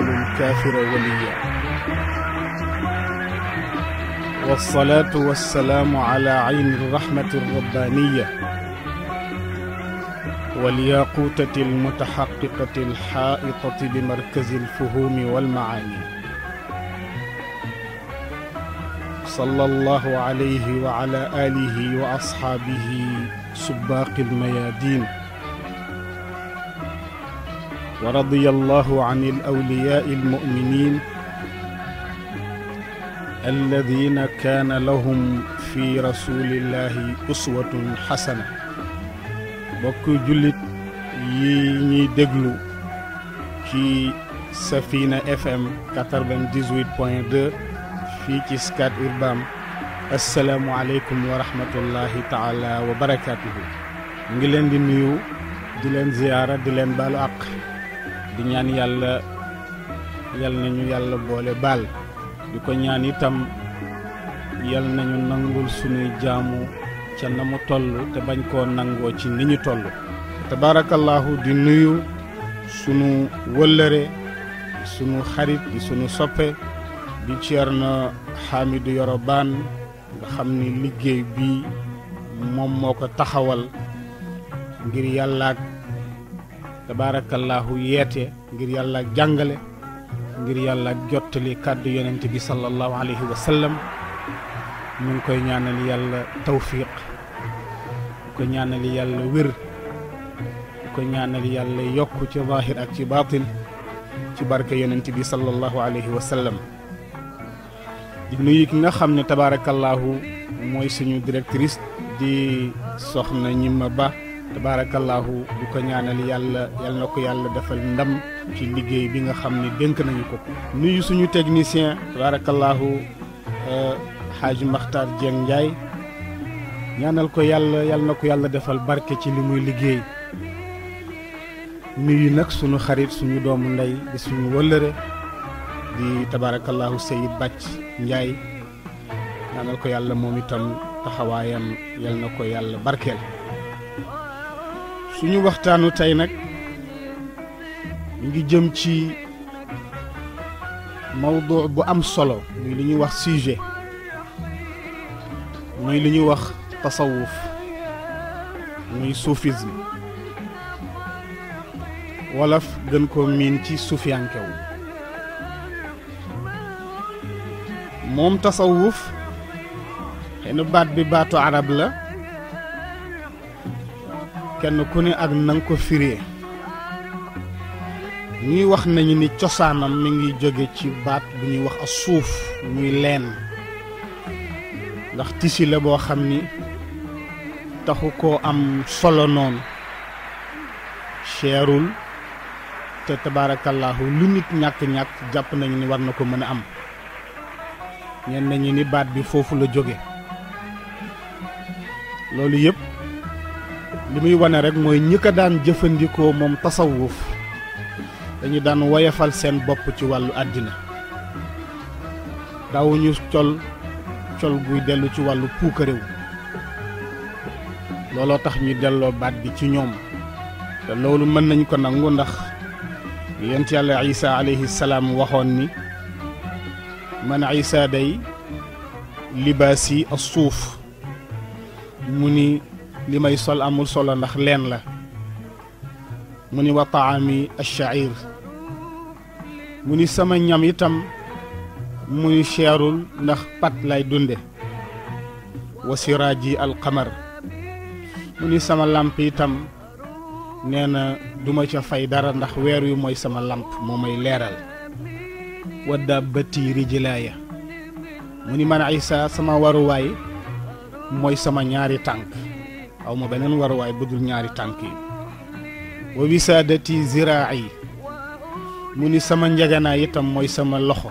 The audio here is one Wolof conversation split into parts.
يجعل الكافر وليا والصلاة والسلام على عين الرحمة الربانية والياقوتة المتحققة الحائطة بمركز الفهوم والمعاني صلى الله عليه وعلى آله وأصحابه سباق الميادين ورضي الله عن الأولياء المؤمنين الذين كان لهم في رسول الله أسوة حسنة بكو جلت يني دقلو في سفينة FM 98.2 في كسكات إربام السلام عليكم ورحمة الله تعالى وبركاته نجلن دي نيو دي زيارة دي بالو أقل di ñaan yàlla yal nañu yàlla boole baal di ko ñaan itam yal nañu nangul sunuy jaamu ca na mu toll te bañ koo nangoo ci ni ñu toll tabaarakallaahu di nuyu sunu wëllëre sunu xarit di sunu soppe di Ceerno na Yoro Bane nga xam ni liggéey bi moom moo ko taxawal ngir yàllaak tabaarakallaahu yeete ngir yàlla ak jàngale ngir yàlla ak jottali kàddu yonent bi sallallahu alayhi wa sallam ñu ngi koy ñaanal yàlla tawfiq ko ñaanal yàlla wér ko ñaanal yàlla yokk ci zaahir ak ci baatin ci barke yonent bi sallallahu alayhi wa sallam di nuyu ki nga xam ne tabaarakallaahu mooy suñu directrice di soxna ñi ba tabaarakallaahu du ko ñaanal yàlla yal na ko yàlla defal ndam ci liggéey bi nga xam ne dénk nañu ko nuyu suñu technicien tabaarakallaahu xaaj euh, Maxtaar Dieng njaay ñaanal ko yàlla yal na ko yàlla defal barke ci li muy liggéey nuyu nag suñu xarit suñu doomu ndey di suñu wëllëre di tabaarakallaahu Seyid Bàcc Ndiaye ñaanal ko yàlla moom itam taxawaayam yal na ko yàlla barkeel suñu waxtaanu tey nag ñu ngi jëm ci mawdu bu am solo muy li ñuy wax sujet muy li ñuy wax tasawuf muy soufisme wolof gën ko miin ci sufiyankew moom tasawuf xëy baat bi baatu arab la kenn ku ne ak na ko firee ñuy wax nañu ni cosaanam mi ngi jóge ci baat bi ñuy wax as suuf muy leen ndax tisi la boo xam ni taxu ko am solo noonu seerul te tabaarakallaahu lu nit ñàkk-ñàkk jàpp nañu ni war na ko mën a am ñenn nañu ni baat bi foofu la jóge loolu yëpp li muy wane rek mooy ñi ko daan jëfandikoo moom tasawuf dañu daan woyafal seen bopp ci wàllu àddina daawuñu col col guy dellu ci wàllu puukaréew looloo tax ñu delloo baat bi ci ñoom te loolu mën nañ ko nangu ndax yent yàlla isa alayhi salaam waxoon ni man isa day libaasi as suuf mu ni limay isol sol amul solo ndax len la muni wa taami ash-sha'ir muni sama ñam itam muni ni ndax pat lay dunde wa siraji al-qamar muni sama lamp itam neena duma ca fay dara ndax wër yu moy sama lamp momay léral wa dabati rijlaya muni man isa sama way moy sama ñaari tank. aw ma beneen bu budul ñaari tànk yi wa wisaadati ziraa yi mu ni sama njeganaay itam mooy sama loxo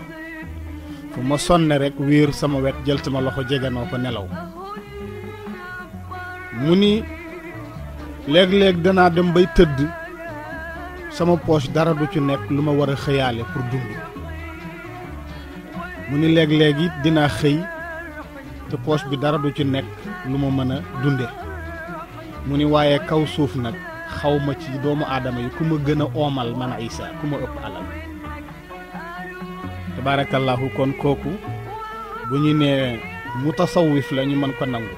fu ma sonne rekk wiir sama wet jël sama loxo jeganoo ko nelaw mu ni léeg-léeg danaa dem bay tëdd sama poche dara ci nekk lu ma war a xëyaale pour dund mu ni léeg-léeg dinaa xëy te poche bi dara du ci nekk lu ma mën a dunde mu ni waaye kaw suuf nag xawma ci doomu aadama yi ku ma gën a oomal man Isa ku ma ëpp alal tabaarakallaahu kon kooku bu ñu nee mutasawif la lañu mën ko nangu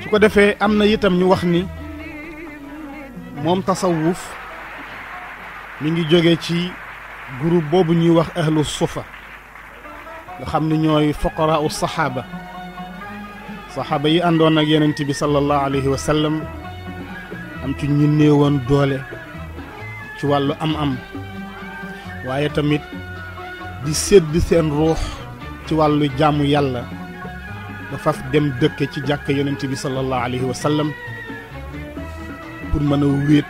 su ko defee am na itam ñu wax ni moom tasawuf mu ngi jóge ci groupe boobu ñuy wax ahlu sufa nga xam ni ñooy foqaraa u saxaaba sahaba yi andon ak yonent bi sallallahu alayhi wa sallam am ci ñu neewon doole ci walu am-am waye tamit di sédd sen ruh ci walu jaamu yalla ba faf dem dekk ci jakk yonent bi sallallahu alayhi wa sallam pour mën a wéet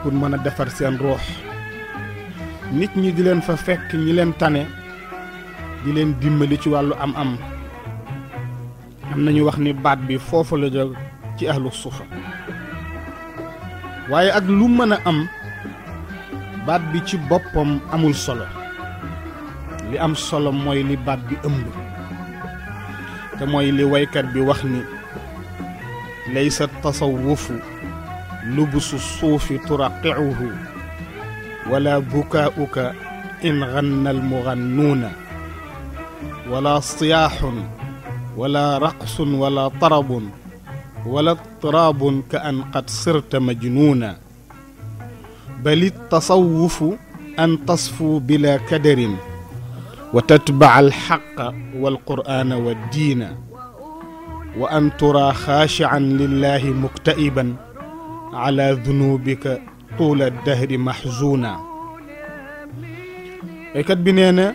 pour mën defar seen nit ñi di len fa fekk ñi len tané di len dimbali ci walu am-am. am nañu wax ni baat bi foofu la jóg ci ahlu sufa waaye ak lu mën a am baat bi ci boppam amul solo li am solo mooy li baat bi ëmb te mooy li waykat bi wax ni laysa tasawufu lubusu suufi turaqicuhu wala bukaa'uka in ganna almugannuuna wala siyaaxun ولا رقص ولا طرب ولا اضطراب كأن قد صرت مجنونا بل التصوف أن تصفو بلا كدر وتتبع الحق والقرآن والدين وأن ترى خاشعا لله مكتئبا على ذنوبك طول الدهر محزونا أي كاتبين أنا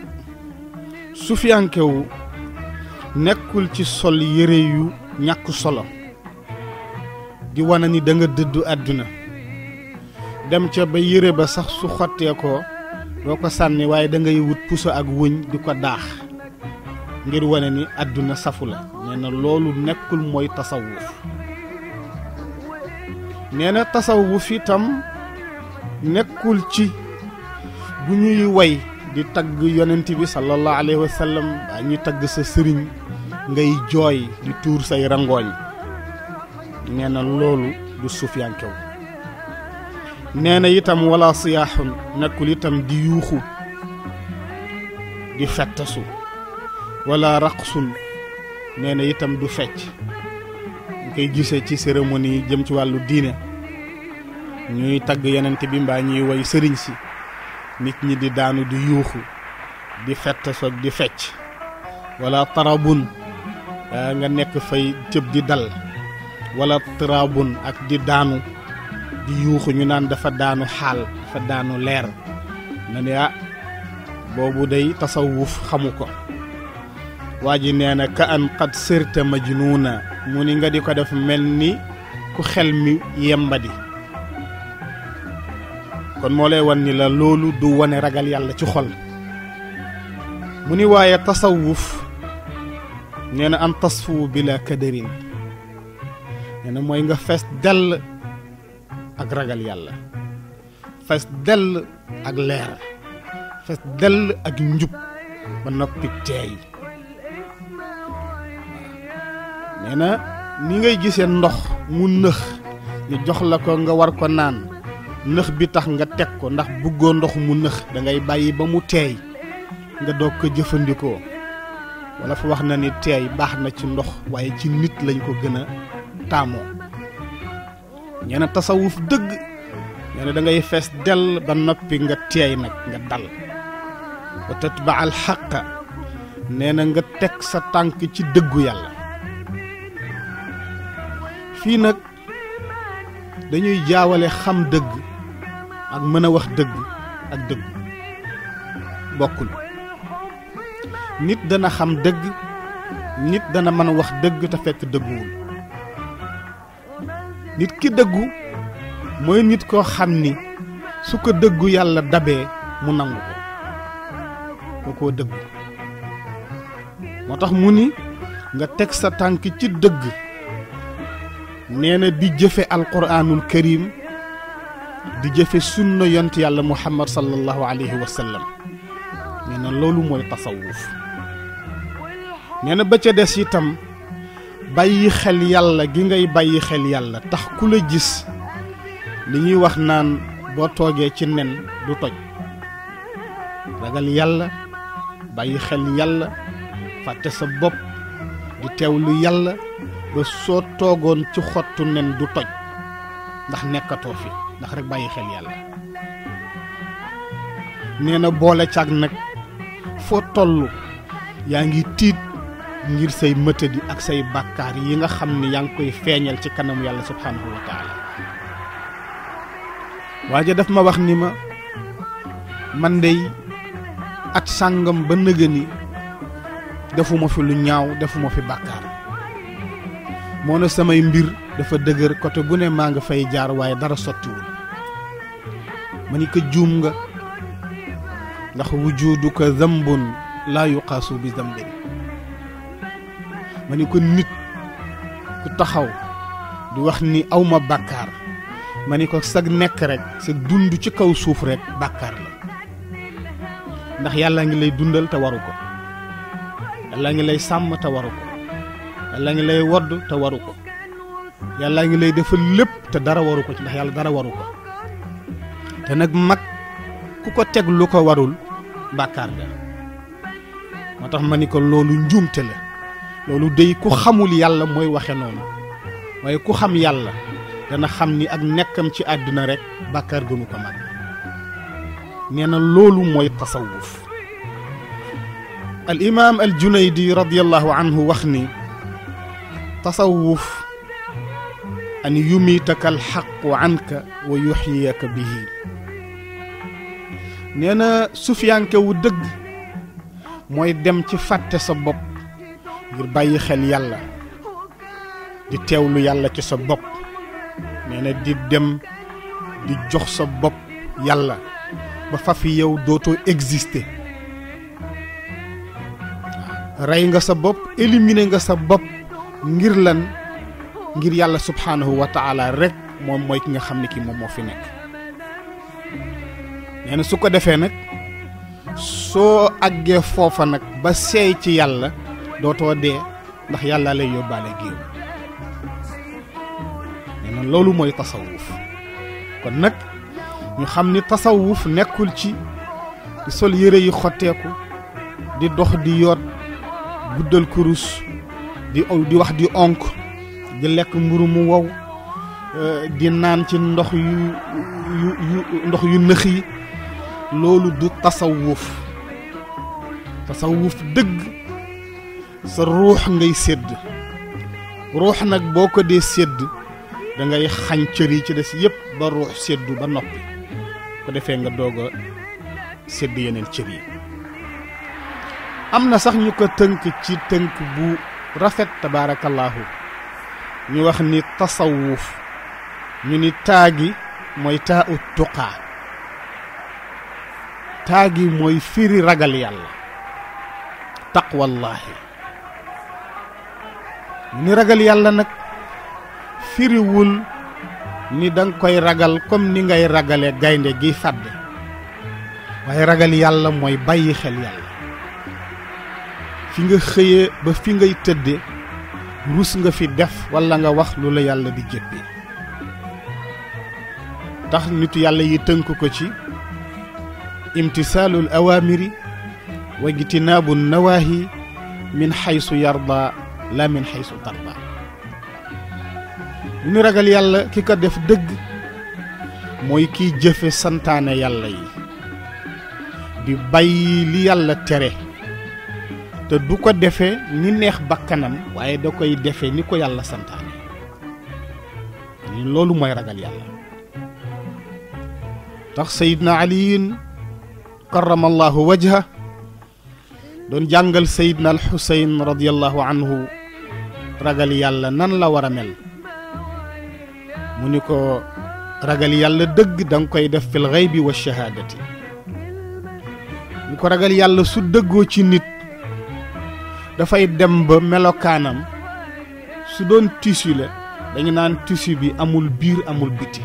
سفيان كو nekkul ci sol yére yu ñàkk solo di wane ni danga nga àdduna dem ca ba yére ba sax su xottee ko ko sànni waaye dangay wut puso ak wuñ di ko daax ngir wane ni àdduna safu la nee na loolu nekkul mooy tasawuf nee na tasawuf itam nekkul ci bu ñuy woy di tagg yonent bi sallallahu alayhi wa sallam baa ñuy tagg sa sëriñ ngay jooy di tuur say rangooñ nee na loolu du suufiyankew nee na itam wala siyaaxun nekkul itam di yuuxu di fettasu wala raqsun nee na itam du fecc ñu koy gisee ci cérémonie yi jëm ci wàllu diine ñuy tagg yonent bi mbaa ñuy woy sëriñ si nit ñi di daanu di yuuxu di fett soog di fecc wala tarabun eh, nga nekk fay tëb di dal wala tarabun ak di daanu di yuuxu ñu naan dafa daanu xaal dafa daanu leer na ne ah boobu day tasawuf xamu ko waa ji nee na ka an qad sirta majnuuna mu ni nga di ko def mel ni ku xel mi yembadi kon moo lay wan ni la loolu du wane ragal yàlla ci xol mu ni waaye tasawuf nee na an tasfu bila kadarin nee na mooy nga fees dell ak ragal yàlla fees dell ak leer fees dell ak njub ba noppi teey nee na ni ngay gisee ndox mu nëx ni jox la ko nga war ko naan nëx bi tax nga teg ko ndax bëggoo ndox mu nëx dangay ngay bàyyi ba mu teey nga dog ko jëfandikoo walla fa wax na ni teey baax na ci ndox waaye ci nit lañ ko gën a taamoo ñee na tasawuf dëgg ñee na da fees dell ba noppi nga teey nag nga dal wa tatba al xaq nee na nga teg sa tànk ci dëggu yàlla fii nag dañuy jaawale xam dëgg ak mën a wax dëgg ak dëgg bokkul nit dana xam dëgg nit dana mën a wax dëgg te fekk dëgguwul nit ki dëggu mooy nit koo xam ni su ko dëggu yàlla dabee mu nangu ko ko koo dëggu moo tax mu ni nga teg sa tànk ci dëgg nee na di jëfe alquraanul karim di jëfe sunna yont yàlla muhammad sallallahu alayhi wa sallam nee na moy tasawuf nee na ba ca des itam bàyyi xel yàlla gi ngay bàyyi xel yàlla tax ku la gis li ñuy wax naan bo toge ci nen du toj ragal yàlla bàyyi xel yàlla fàtte sa bop di teewlu yàlla ba so togon ci xottu nen du toj ndax nekkato fi ndax rek bàyyi xel yàlla nee na boole cag nag foo toll yaa ngi tiit ngir say mëtëdi ak say bàkkaar yi nga xam ne yaa ngi koy feeñal ci kanam yàlla subhanahu wa taala waaja daf ma wax ni ma man day at sàngam ba nëgëni defuma fi lu ñaaw defuma fi bàkkaar moo na samay mbir dafa dëgër côté bu ne maa nga fay jaar waaye dara sottiwul ma ni ko juum nga ndax ko zambun laa yuqaasu bi zambin ma ni ko nit ku taxaw di wax ni awma bàkkaar ma ni ko sag nekk rek sa dund ci kaw suuf rekk bàkkaar la ndax yàlla ngi lay dundal te waru ko yàlla ngi lay sàmm te waru ko yàlla ngi lay wodd te waru ko yàlla ngi lay defal lépp te dara waru ko ci ndax yàlla dara waru ko te nag mag ku ko teg lu ko warul bakkar ga moo tax ma ni ko loolu njuumte la loolu day ku xamul yàlla mooy waxe noonu waaye ku xam yàlla dana xam ni ak nekkam ci àdduna rek bàkkaar gënu ko mag nee na loolu mooy tasawuf al imam al junaydi radiallahu anhu wax ni tasawuf an yumiitaka alxaqu anka wa yuxyiyaka bihi nee na sufiyanke wu dëgg mooy dem ci fàtte sa bopp ngir bàyyi xel yàlla di teewlu yàlla ci sa bopp nee na di dem di jox sa bopp yàlla ba fafi yow dootoo exister rey nga sa bopp éliminer nga sa bopp ngir lan ngir yàlla subhanahu wa taala rek moom mooy ki nga xam ne ki moom moo fi nekk nee na su ko defee nag soo àggee foofa nag ba seey ci yàlla dootoo dee ndax yàlla lay yóbbaale géew nee na loolu mooy tasawuf kon nag ñu xam ni tasawuf nekkul ci di sol yére yi xotteeku di dox di yoot guddal kurus di di wax di onk di lekk mburu mu wow eh, di naan ci ndox yu yu yu ndox yu nëx yi loolu du tasawuf tasawuf dëgg sa ruux ngay sédd ruux nag boo ko dee sédd da ngay xañ cër yi ci des yépp ba ruux séddu ba noppi ko defee nga doog a sédd yeneen cër yi am na sax ñu ko tënk ci tënk bu rafet tabaarakallaahu ñu wax ni tasawuf ñu ni taagi mooy taa ut tuqaa taagi mooy firi ragal yàlla taqwallaahi ni ragal yàlla nag firiwul ni danga koy ragal comme ni ngay ragale gaynde gi fàdde waaye ragal yàlla mooy bàyyi xel yàlla fi nga xëyee ba fi ngay tëdde rus nga fi def wala nga wax lu la yàlla di jëppi tax nitu yàlla yi tënk ko ci imtisalul awamiri wa jitinaabu nawahi min xaysu yarda la min xaysu tarda li ñu ragal yàlla ki ko def dëgg mooy kiy jëfe santaane yàlla yi di bàyyi li yàlla tere te du ko defee ni neex bakkanam waaye da koy defee ni ko yàlla santaane loolu mooy ragal yàlla tax sayidna aliyin karamallahu wajha doon jàngal sayidna al xusayn radiallahu anhu ragal yàlla nan la war a mel mu ni ko ragal yàlla dëgg da koy def fil xaybi wa shahadati mu ko ragal yàlla su dëggoo ci nit fay dem ba melokanam su doon tissu la dañu naan tissu bi amul bir amul biti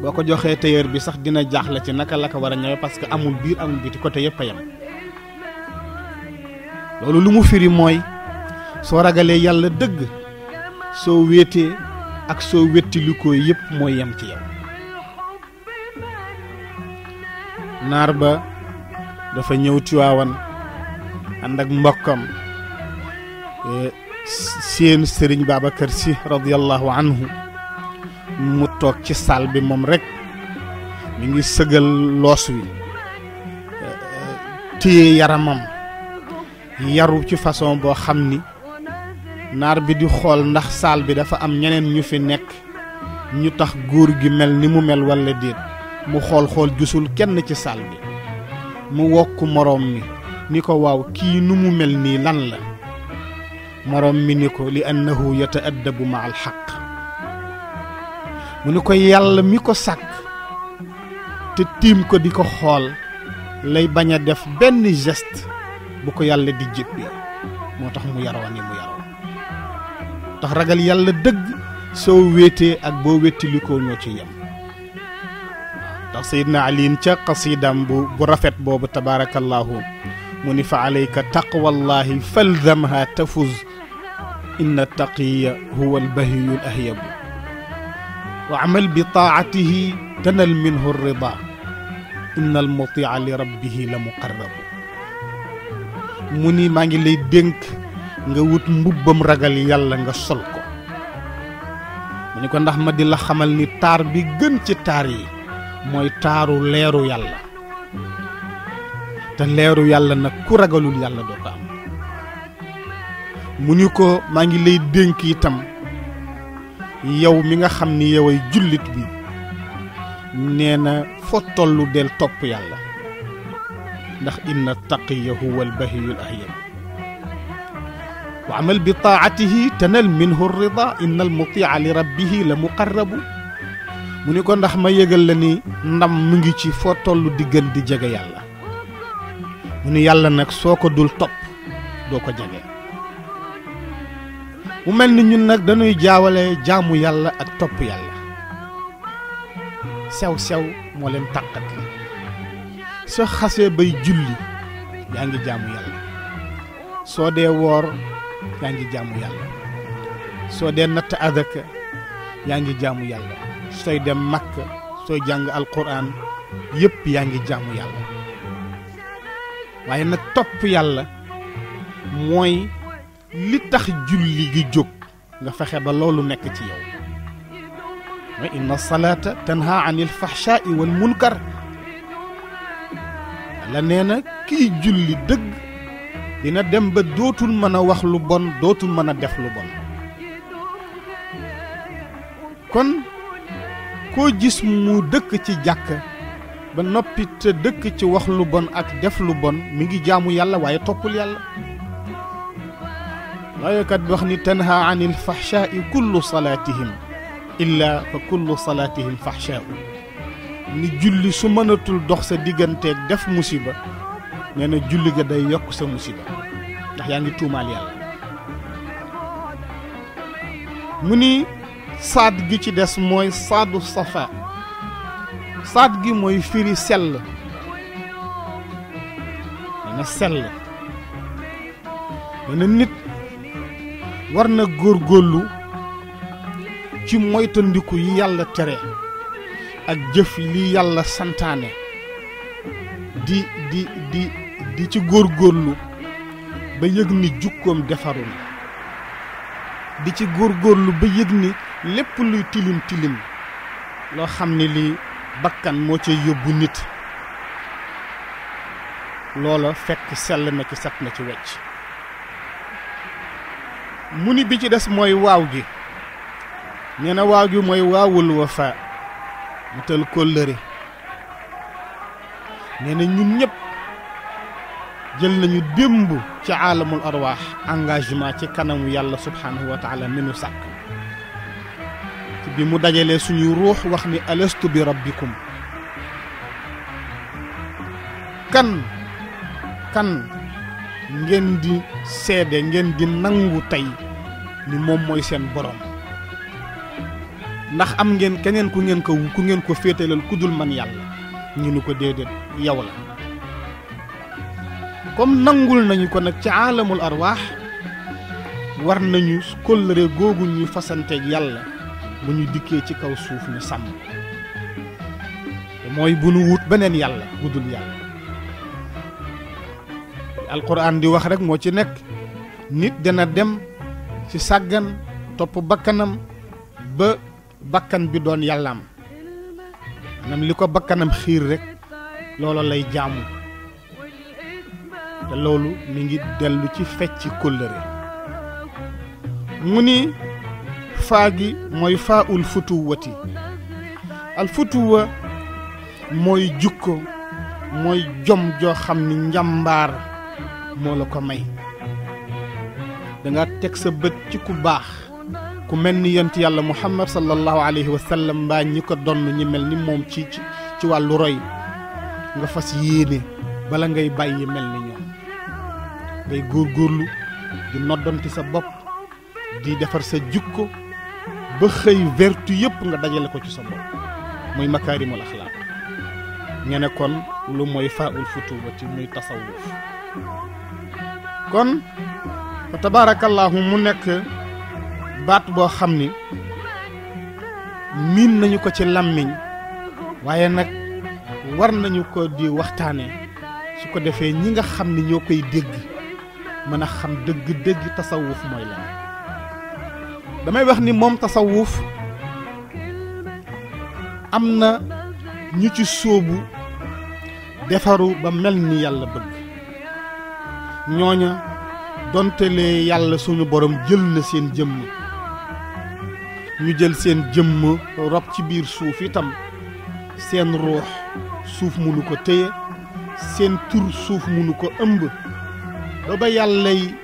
boko joxe joxee bi sax dina jaxla ci naka la ko wara parce que amul bir amul biti côté yëpp yam lolu lu mu firi moy wete ragalé yalla deug so wété ak so wetti lu ko moy yam ci dafa ñëw ànd ak mbokkam e, seen sëriñ Babacar Sy radiyallahu anhu mu toog ci saal bi moom rek mu ngi sëgal loos wi e, téye yaramam yaru ci façon boo xam ni naar bi di xool ndax saal bi dafa am ñeneen ñu fi nekk ñu tax góor gi mel ni mu mel walla déet mu xool xool gisul kenn ci saal bi mu wokk moroom mi ni ko waaw kii nu mu mel nii lan la moroom mi ni ko li annahu yataaddabu ma al xaq mu ni ko yàlla mi ko sàkk te tiim ko di ko xool lay bañ a def benn gest bu ko yàlla di jëppee moo tax mu yaroo mu yaroo tax ragal yàlla dëgg soo wéetee ak boo wéttilikoo ñoo ci yem ndax Seydina Aliin ca xasiidam bu bu rafet boobu tabaarakallaahu منف عليك تقوى الله فالذمها تفز إن التقي هو البهي الأهيب واعمل بطاعته تنل منه الرضا إن المطيع لربه لمقرب مني ما لي دينك nga wut mbubam ragal yalla nga sol ko mune ko ndax ma di la xamal te leeru yàlla nag ku ragalul yàlla doo ko am mu ñu ko maa ngi lay dénk itam yow mi nga xam ni yow ay jullit bi nee na foo tollu del topp yàlla ndax inna taqiya huwa albahiyul ahyam wa amal bi taatihi tanal minhu rida inna almutia li rabbihi la muqarrabu mu ni ko ndax ma yëgal la ni ndam mu ngi ci foo tollu di gën di jege yàlla mu ne yàlla nag soo ko dul topp doo ko jege mu mel ni ñun nag dañuy jaawale jaamu yàlla ak topp yàlla sew sew moo leen tàqat li so xasee bay julli yaa ngi jaamu yàlla soo dee woor yaa ngi jaamu yàlla soo dee natt adaka yaa ngi jaamu yàlla sooy dem makk sooy jàng alquran yépp yaa ngi jaamu yàlla waaye nag topp yàlla mooy li tax julli gi jóg nga fexe ba loolu nekk ci yow mooy inna salaata tanha an il fahshaai wal munkar la nee na kii julli dëgg dina dem ba dootul mën a wax lu bon dootul mën a def lu bon kon koo gis mu dëkk ci jàkk ba noppi te dëkk ci wax lu bon ak def lu bon mi ngi jaamu yàlla waaye toppul yàlla laayokat bi wax ni tanha anil ilfahchaai kullu salatihim illa fa kullu salatihim fahchaau ni julli su mënatul dox sa digganteeg def musiba nee na julli ga day yokk sa musiba ndax yaa ngi tuumaal yàlla mu ni saad gi ci des mooy saadu safa saat gi mooy firi sell dana sell dana nit war na góorgóorlu ci moytandiku yi yàlla tere ak jëf li yàlla sentaane di di di di ci góorgóorlu ba yëg ni jukkoom defaru di ci góorgóorlu ba yëg ni lépp luy tilim tilim loo xam ne lii bakkan moo ci yóbbu nit loola fekk sell na ci sat na ci wecc mu ni bi ci des mooy waaw gi nee na waaw gi mooy waawul wafa mu tël kóllëre nee na ñun ñëpp jël nañu démb ci aalamul arwaax engagement ci kanamu yàlla subhaanahu wa taala mi nu sàkk bi mu dajale suñu ruh wax ni alastu bi rabbikum kan kan ngeen di sédé ngeen di nangu tay ni mom moy sen borom ndax am ngeen keneen ku ngeen ko ku ngeen ko kudul man yalla ñu ni ko déedéet yow la comme nangul nañu ko nak ci alamul arwah war nañu kolere gogul ñu ak yalla bu ñu dikkee ci kaw suuf ñu sàmm mooy bu nu wut beneen yàlla bu dul yàlla alquran di wax rekk moo ci nekk nit dana dem ci sàggan topp bakkanam ba bakkan bi doon yàllaam maanaam li ko bakkanam xiir rekk loola lay jaamu te loolu mi ngi dellu ci fecc kóllëre mu ni faagi gi mooy faa ul futuwati al mooy jukko mooy jom joo xam ni njàmbaar moo la ko may danga teg sa bët ci ku baax ku mel yent yàlla muhammad sallallahu alayhi wa sallam mbaa ñi ko donn ñi mel ni moom ci ci wàllu roy nga fas yéene bala ngay bàyyi mel ni ñoom ngay góorgóorlu di noddonti sa bopp di defar sa jukko ba xëy vertu yëpp nga dajale ko ci sa bopp muy makaarimul axlaaq nga ne kon lu mooy faaul futuba ci muy tasawuf kon fa tabaarakallaahu mu nekk baat boo xam ni miin nañu ko ci làmmiñ waaye nag war nañu ko di waxtaane su ko defee ñi nga xam ni ñoo koy dégg mën a xam dëgg-dëgg tasawuf mooy lan damay wax ni moom tasawuf am na ñu ci sóobu defaru ba mel ni yàlla bëgg ñooña dontelee yàlla suñu borom jël na seen jëmm ñu jël seen jëmm rob ci biir suuf itam seen ruux suuf munu ko téye seen tur suuf munu ko ëmb ba ba yàllay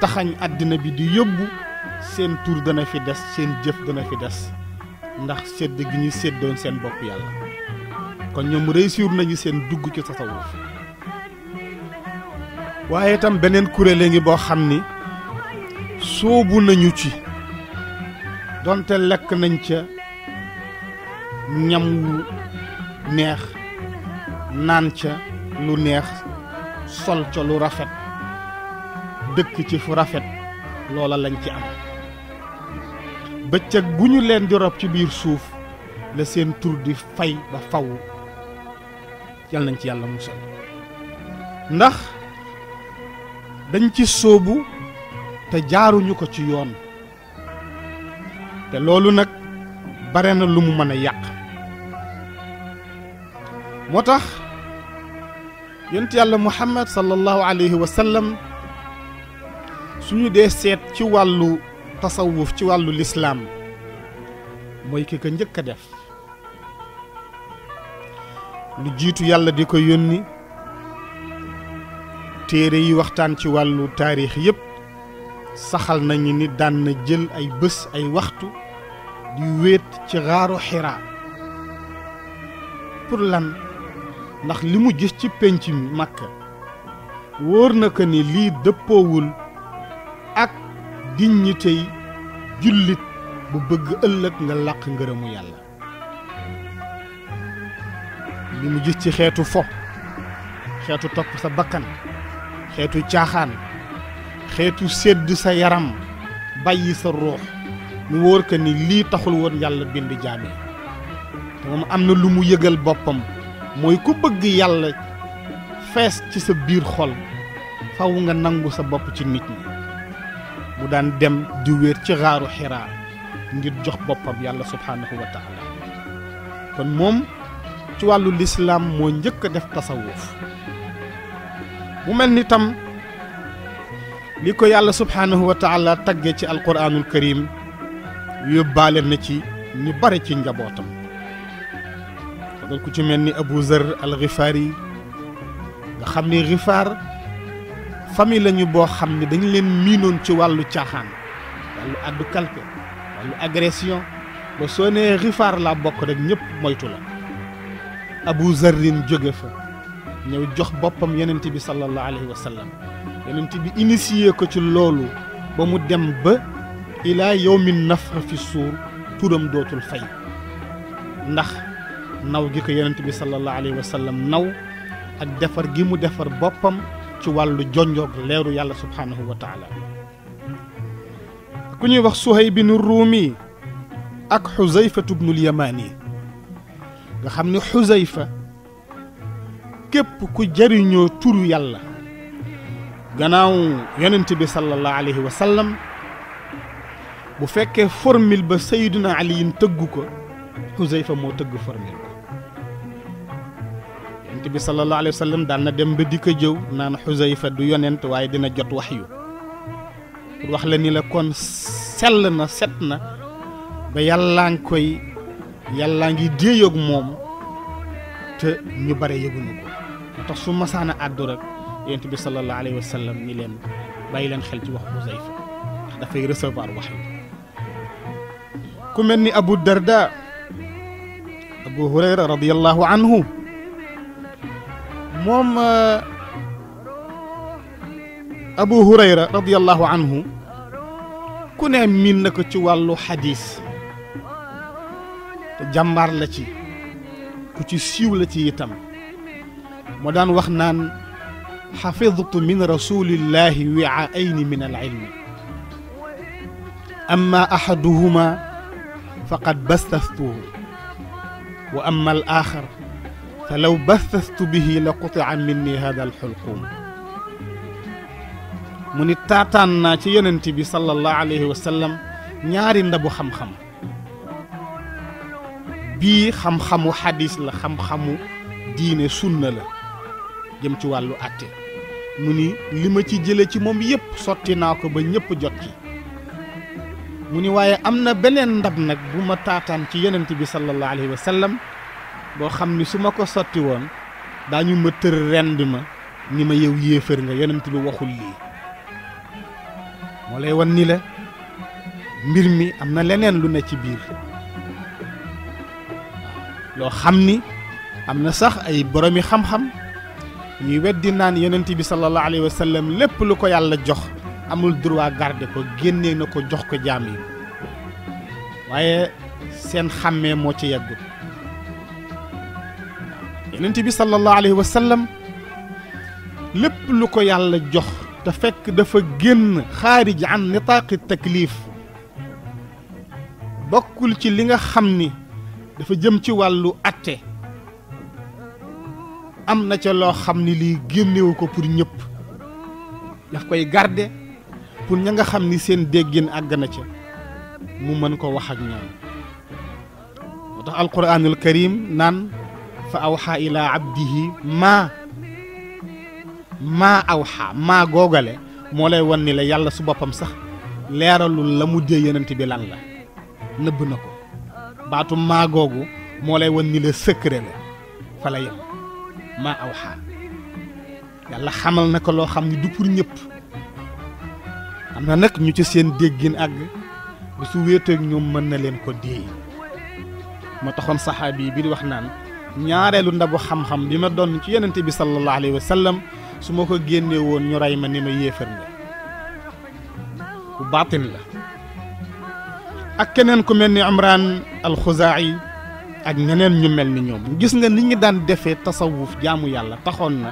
taxañ àddina bi di yóbbu seen tur dana fi des seen jëf dana fi des ndax sedd gi ñu séddoon seen bopp yàlla kon ñoom réussir nañu seen dugg ci tasawuf waaye itam beneen kuréel a ngi boo xam ni soobu nañu ci donte lekk nañ ca ñam wu neex naan ca lu neex sol ca lu rafet dëkk ci fu rafet loola lañ ci am bëccëg bu ñu leen di rob ci biir suuf la seen tur di fay ba faw yal nañ ci yàlla musal ndax dañ ci sóobu te jaaruñu ko ci yoon te loolu nag bare na lu mu mën a yàq moo tax yent yàlla muhammad sallallahu alayhi wa sallam suñu dee seet ci wàllu tasawuf ci wàllu lislaam mooy ki ko njëkk a def lu jiitu yàlla di ko yónni téere yi waxtaan ci wàllu taarix yépp saxal nañu ni daan jël ay bés ay waxtu di wéet ci xaaru xiraa pour lan ndax li mu gis ci pénc mi Makka wóor na ko ni lii dëppoowul ak dignité jullit bu bëgg ëllëg nga làq ngërëmu yàlla li mu gis ci xeetu fo xeetu topp sa bakkan xeetu caaxaan xeetu sédd sa yaram bàyyi sa ruux mu wóor ko ni lii taxul woon yàlla bind jaame te moom am na lu mu yëgal boppam mooy ku bëgg yàlla fees ci sa biir xol faw nga nangu sa bopp ci nit ñi mu daan dem di wéer ci xaaru xiraa ngir jox boppam yàlla subhaanahu wa taala kon moom ci wàllu lislaam moo njëkk a def tasawuf mu mel ni tam li ko yàlla subhaanahu wa taala tagge ci alquraanul karim yóbbaale na ci ñu bare ci njabootam xoolal ku ci mel ni Abu Zar al Xifaar yi nga xam ni Xifaar famille lañu bo xamni dañ leen minone ci walu tiaxan walu addu kalpe walu agression bo soné rifar la bok rek ñëpp moytu la abu zarrin jóge fa ñëw jox bopam yonent bi sallallahu alayhi wa sallam yonent bi initié ko ci lolu ba mu dem ba ila yawmin nafkh fi sur turam dotul fay ndax naw gi ko yonent bi sallallahu alayhi wa sallam naw ak defar gi mu defar bopam ci wàllu jonjoog leeru yàlla subhaanahu wa taala ku ñuy wax Suhayb bin Ruumi ak Xuzayfatu bnul Yamaani nga xam ne Xuzayfa ku jëriñoo turu yàlla gannaaw yonent bi sallallahu alayhi wa sallam bu fekke formule ba Seydina Aliyin tëgg ko Xuzayfa mo tëgg formule ba yonent bi sallallahu alayhi wasallam dal na dem ba di jëw nan huzaifa du yonent waye dina jot wahyu pour wax la ni la kon sell na set na ba yalla ng koy yalla ngi déeyoog mom te ñu bare yëguñu ko tax su masaana àddu rek yonent bi sallallahu alayhi wasallam ni len bay len xel ci wax huzaifa ndax da fay recevoir wahyu ku melni Abu Darda Abu Hurayra radiyallahu anhu موم ابو هريره رضي الله عنه كنا من نكتي والو حديث جمار لتي كتي سيو لتي يتم مدان وخنان حفظت من رسول الله وعائين من العلم أما أحدهما فقد بستثته وأما الآخر فلو بثثت به لقطع مني هذا الحلقوم من التعتان ناتي ينتبي صلى الله عليه وسلم نياري ندبو خم خم بي خم خم حديث لا خم خم دين سنة لا والو أتي مني لما تي جلي تي مم يب سوتي ناكو بي نيب جوتي مني واي أمنا بنين ندب نك بوما تي ينتبي صلى الله عليه وسلم boo xam ni su ma ko sotti woon daañu ma tër rend ma ni ma yow yéefar nga yonent bi waxul lii moo lay wan ni la mbir mi am na leneen lu ne ci biir loo xam ni am na sax ay boroomi xam-xam ñuy di naan yonent bi sallallahu alayhi wa lépp lu ko yàlla jox amul droit garder ko génnee na ko jox ko jaam yi waaye seen xàmmee moo ci yeggut yonent bi sallallahu alayhi wa sallam lépp lu ko yàlla jox te fekk dafa génn xaarij an nitaaqi taklif bokkul ci li nga xam ni dafa jëm ci wàllu atte am na ca loo xam ni lii génnewu ko pour ñëpp daf koy garde pour ña nga xam ni seen déggin àgg na ca mu mën ko wax ak ñoom moo tax alquranul karim naan fa awxa ila abdihi maa maa awxa maa googale moo lay won ni la yàlla su boppam sax leeralul la mu jëy yonent bi lan la nëbb na ko baatu maa googu moo lay won ni la secret la fa la yem maa awxa yàlla xamal na ko loo xam ni du pour ñëpp am na nag ñu ci seen déggin àgg bu su wéeteeg ñoom mën na leen ko déey moo taxoon saxaabi bi di wax naan ñaarelu ndabu xam-xam bi ma doon ci yonente bi sallallahu alayhi wa sallam su ma ko génnee woon ñu ray ma ni ma yéefar nga ku batin la ak keneen ku mel ni al alxuzaayi ak ñeneen ñu mel ni ñoom gis nga ni ñu daan defee tasawuf jaamu yàlla taxoon na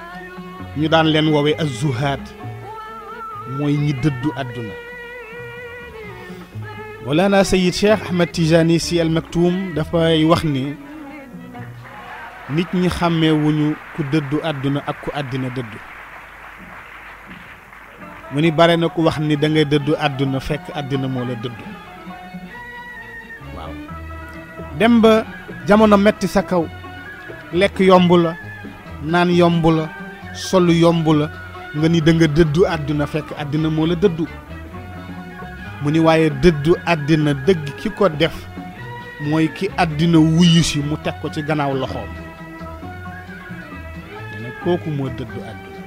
ñu daan leen wowe az-zuhaad mooy ñi dëddu àdduna ولانا سيد شيخ احمد تيجاني سي المكتوم Maktoum dafay wax nit ñi xàmmewuñu ku dëddu àdduna ak ku àddina dëddu mu ni bare na ku wax ni dangay ngay dëddu àdduna fekk àddina moo la dëddu dem ba jamono metti sa kaw lekk yomb la naan yomb la solu yomb la nga ni da dëddu àddina fekk àddina moo la dëddu mu ni waaye dëddu àddina dëgg ki ko def mooy ki àddina wuyu si mu teg ko ci gannaaw loxoom kooku moo dëddu àdduna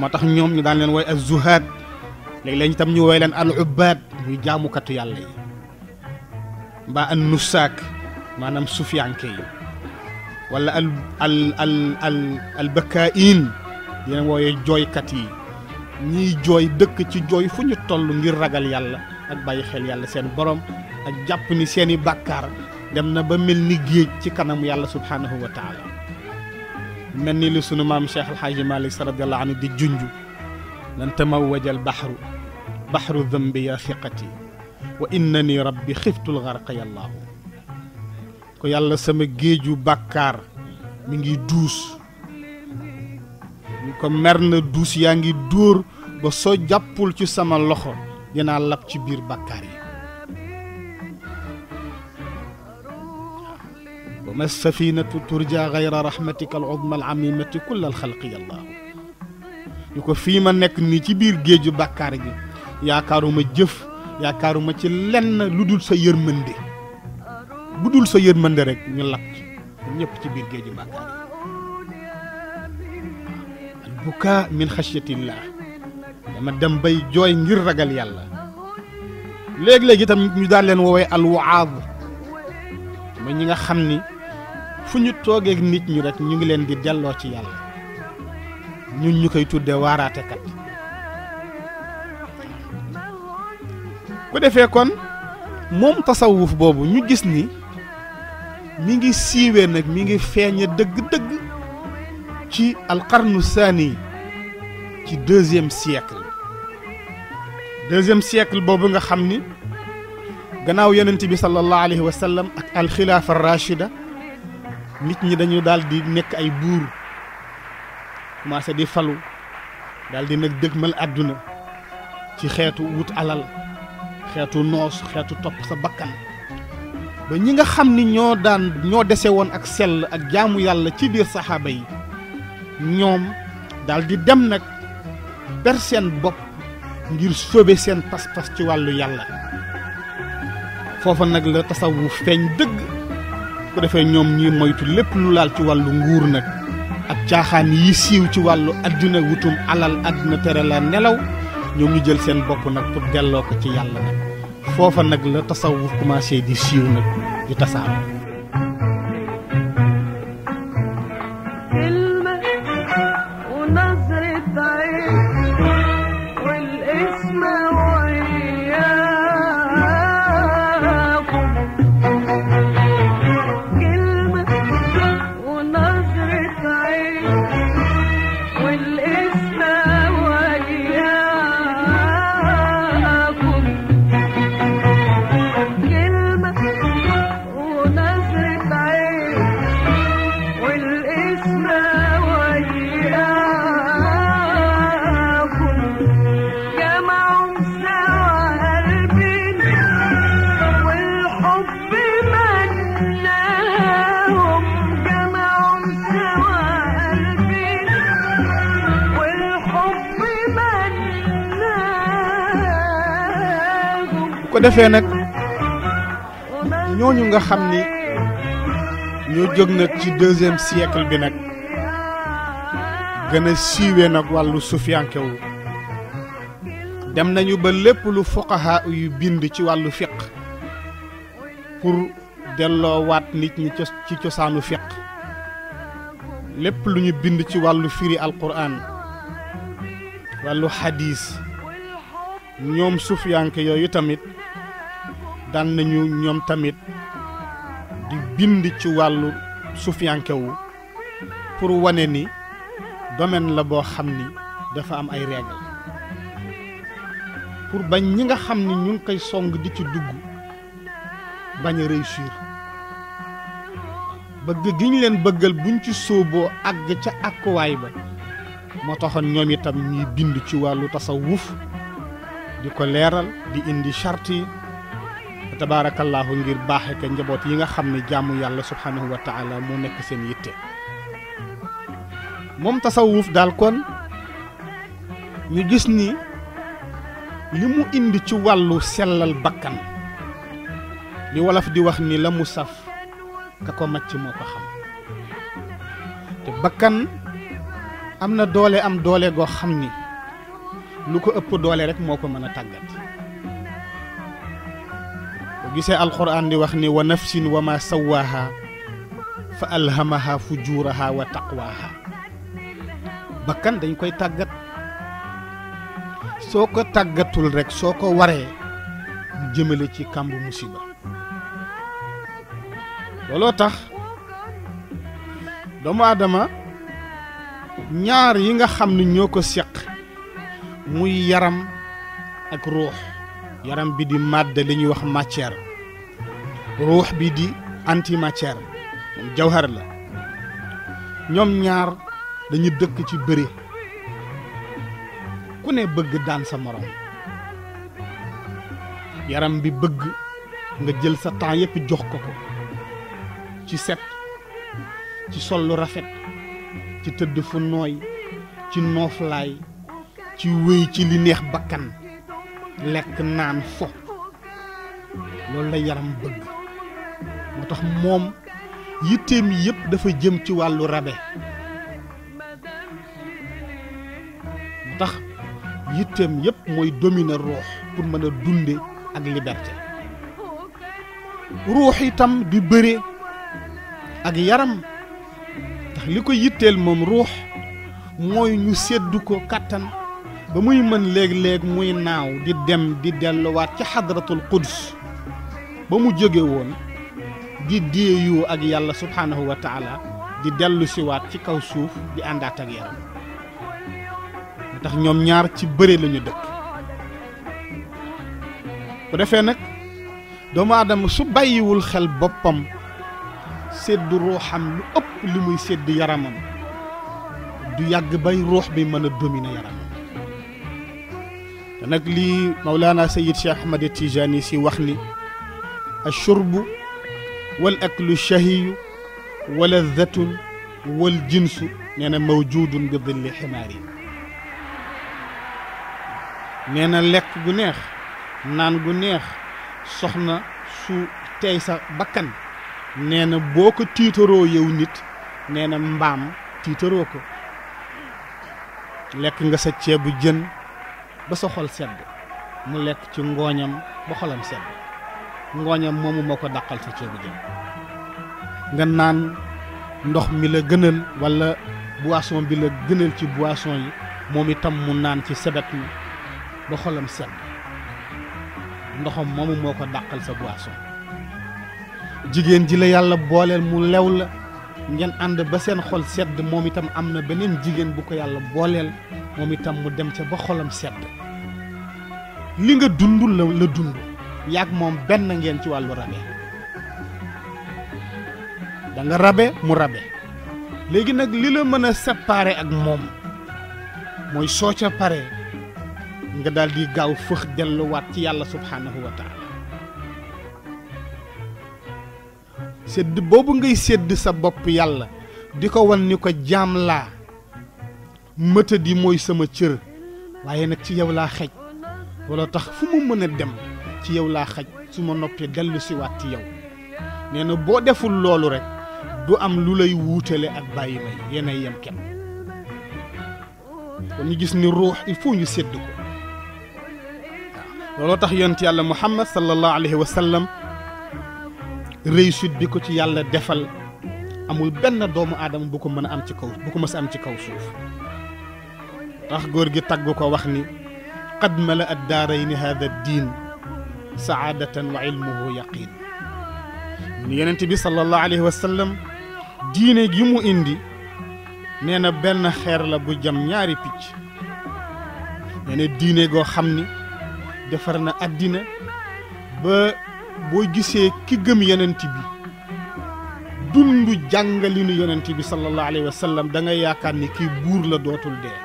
moo tax ñoom ñu daan leen woy ak zuhaad léeg-léeg itam ñu woy leen al ubbaad muy jaamukatu yàlla yi mbaa an nusaak maanaam sufiyanke yi wala al al al al al bakaa'iin dina wooyee jooykat yi ñiy jooy dëkk ci jooy fu ñu toll ngir ragal yàlla ak bàyyi xel yàlla seen borom ak jàpp ni seeni bàkkaar dem na ba mel ni géej ci kanam yàlla subhaanahu wa taala mel ni li sunu maam Cheikh El Hadj Malick Sy radiyallahu anhu di junj lan tamawwaja al baxru baxru dëmbi yaa siqati wa inna ni rabbi xiftul garqa yallaahu ko yàlla sama géeju bàkkaar mi ngi duus ñu ko mer na duus yaa ngi dóor ba soo jàppul ci sama loxo dinaa lab ci biir bàkkaar yi وما السفينة ترجى غير رحمتك العظمى العميمة كل الخلق يا الله يكو في ما نك ني تي بير جيجو بكار جي يا كارو ما جيف يا كارو ما تي لن لودول سا يرمندي بودول سا يرمندي رك ني لاك نيب تي بير جيجو بكار البكاء من خشية الله لما دم باي جوي غير رجال يالا ليك ليك تام ني دال لن ووي الوعاظ ما fu ñu ak nit ñi rek ñu ngi leen di delloo ci yàlla ñun ñu koy tudde kat ku defee kon moom tasawuf boobu ñu gis ni mi ngi siiwee nag mi ngi feeñe dëgg-dëgg ci alqarnu saani ci deuxième siècle deuxième siècle boobu nga xam ni gannaaw yonent bi sallallahu alayhi wa sallam ak alxilaafa rachida nit ñi dañu dal di nekk ay buur commencé di falu dal di nek dëgmal àdduna ci xeetu wut alal xeetu noos xeetu top sa bakkan ba ñi nga xam ni ñoo daan ñoo dese woon ak sell ak jaamu yàlla ci biir saxaaba yi ñoom dal di dem nag ber seen bopp ngir sóobe seen pas-pas ci wàllu yàlla foofa nag la tasawuf feeñ dëgg ko defee ñoom ñuy moytu lépp lu laal ci wàllu nguur nag ak caaxaan yi siiw ci wàllu addina wutum alal addina tere la nelaw ñoom ñu jël seen bopp nag pour delloo ko ci yàlla nag foofa nag la tasawuf commencé di siiw nag di tasaaroo. defee nag ñooñu nga xam ni ñoo jóg nag ci deuxième siècle bi nag gën a siiwee nag wàllu sufiyanke dem nañu ba lépp lu fuqaha yu bind ci wàllu fiq pour delloowaat nit ñi ci cosaanu fiq lépp lu ñu bind ci wàllu firi alquran wàllu xadiis ñoom sufiyanke yooyu tamit Dan nañu ñom tamit di bind ci wàllu sufiyankewu pour wané ni domaine la bo xamni dafa am ay règle pour bañ ñi nga xamni ñu ngi koy song di ci dugg bañ réussir bëgg gi ñu leen bëggal buñ ci ag ci ca way ba mo taxoon ñom itam ñi bind ci walu tasawuf di ko di indi charte tabarakallah ngir bax ke njabot yi nga xam jamu yalla subhanahu wa taala mo nek seen yitte mom tasawuf dal kon ñu gis ni limu indi ci walu selal bakkan li walaf di wax ni la ka macc xam te bakkan amna doole am doole go xamni ni lu ko ëpp doole rek moko mëna tagati gisee alxuraan di wax ni wa nafsin wa ma sawaaha fa alhamaha fujuraha wa taqwaha bakkan dañ koy tàggat soo ko tàggatul rekk soo ko waree mu jëmale ci kàmb musiba looloo tax doomu aadama ñaar yi nga xam ni ñoo ko seq muy yaram ak ruux yaram bi di madde li ñuy wax matière ruh bi di anti matière moom jawhar la ñoom ñaar dañu dëkk ci bëri ku ne bëgg daan sa morom yaram bi bëgg nga jël sa temps yépp jox ko ko ci set ci sollu rafet ci tëdd fu nooy ci nooflaay ci ci li neex bakkan lekk naan fo loolu la yaram bëgg moo tax moom yitteem yëpp dafa jëm ci wàllu rabe moo tax yitteem yëpp mooy dominer ruux pour mën a dunde ak liberté ruux itam di bëre ak yaram ndax li ko yitteel moom ruux mooy ñu sedd ko kàttan ba muy man léeg-léeg muy naaw di dem di delluwaat ci xadratul quds ba mu jóge woon di déeyoo ak yàlla subhanahu wa taala di dellu siwaat ci kaw suuf di àndaat ak yaram mu tax ñoom ñaar ci bëre lañu dëkk bu defee nag doomu adam su bàyyiwul xel boppam sedd ruuxam lu ëpp li muy sedd yaramam du yàgg bay ruux bi mën a dominer yaram nag lii mawlaana sayid cheikh ahmad tijani si wax ni alchurbu wal aklu shahiyu wa ladatun wal jinsu nee na mawjudun bi dilli ximaari nee na lekk gu neex naan gu neex soxna su tey sa bakkan nee na boo ko tiitaroo yow nit nee na mbaam tiitaroo ko lekk nga sa ceebu jën ba sa xol sedd mu lekk ci ngooñam ba xolam sedd ngooñam moomu moo ko dàqal sa ceebu jën nga naan ndox mi la gënal walla boisson bi la gënal ci boisson yi moom itam mu naan ci sebet mi ba xolam sedd ndoxam moomu moo ko dàqal sa boisson jigéen ji la yàlla booleel mu lew la ngeen ànd ba seen xol sedd moom itam am na beneen jigéen bu ko yàlla booleel moom itam mu dem ca ba xolam sedd li nga dund la la dund yàgg moom benn ngeen ci wàllu rabe da nga rabe mu rabe léegi nag li la mën a séparer ak moom mooy soo ca pare nga daal di gaaw fëx delluwaat ci yàlla subhaanahu wa taala sedd boobu ngay sedd sa bopp yàlla di ko wan ni ko jaam laa mëta di mooy sama cër waaye nag ci yow laa xaj wala tax fu mu mën a dem ci yow laa xaj suma ma noppee dellu siwaat ci yow nee na boo deful loolu rek du am lu lay wuutale ak bàyyi may yéen yem kenn kon ñu gis ni ruux il faut ñu sédd ko waaw looloo tax yonent yàlla muhammad sallallahu alayhi wa sallam réussite bi ko ci yàlla defal amul benn doomu aadama bu ko mën a am ci kaw bu ko mës am ci kaw suuf tax góor gi tàggu ko wax ni qad mala ad daarayni hada diin saadatan wa ilmuhu yaqin ni yonent bi sallallahu alayhi wa sallam diine gi mu indi nee na benn xeer la bu jam ñaari picc nee na diine goo xam ni defar na àddina ba boo gisee ki gëm yonent bi dund jàngalinu yonent bi sallallahu alayhi wa sallam yaakaar ni kii buur la dootul dee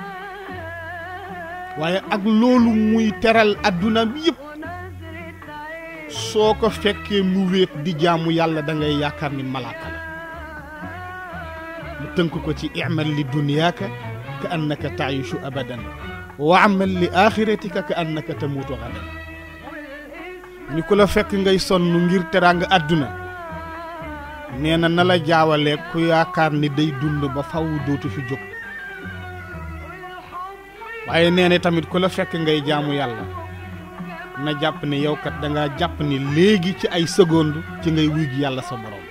waaye ak loolu muy teral adduna bi yëpp soo ko fekkee mu wéet di jaamu yàlla da ngay yaakaar ni malaaka la mu tënk ko ci imal li duniyaaka ka annaka taayishu abadan wa amal li axiratika ka annaka tamuutu gadan ni ku la fekk ngay sonn ngir teraanga àdduna nee na na la jaawale ku yaakaar ni day dund ba faw dootu fi jóg waaye nee na tamit ku la fekk ngay jaamu yàlla na jàpp ne yowkat danga jàpp ni léegi ci ay seconde ci ngay wuy yàlla sa borom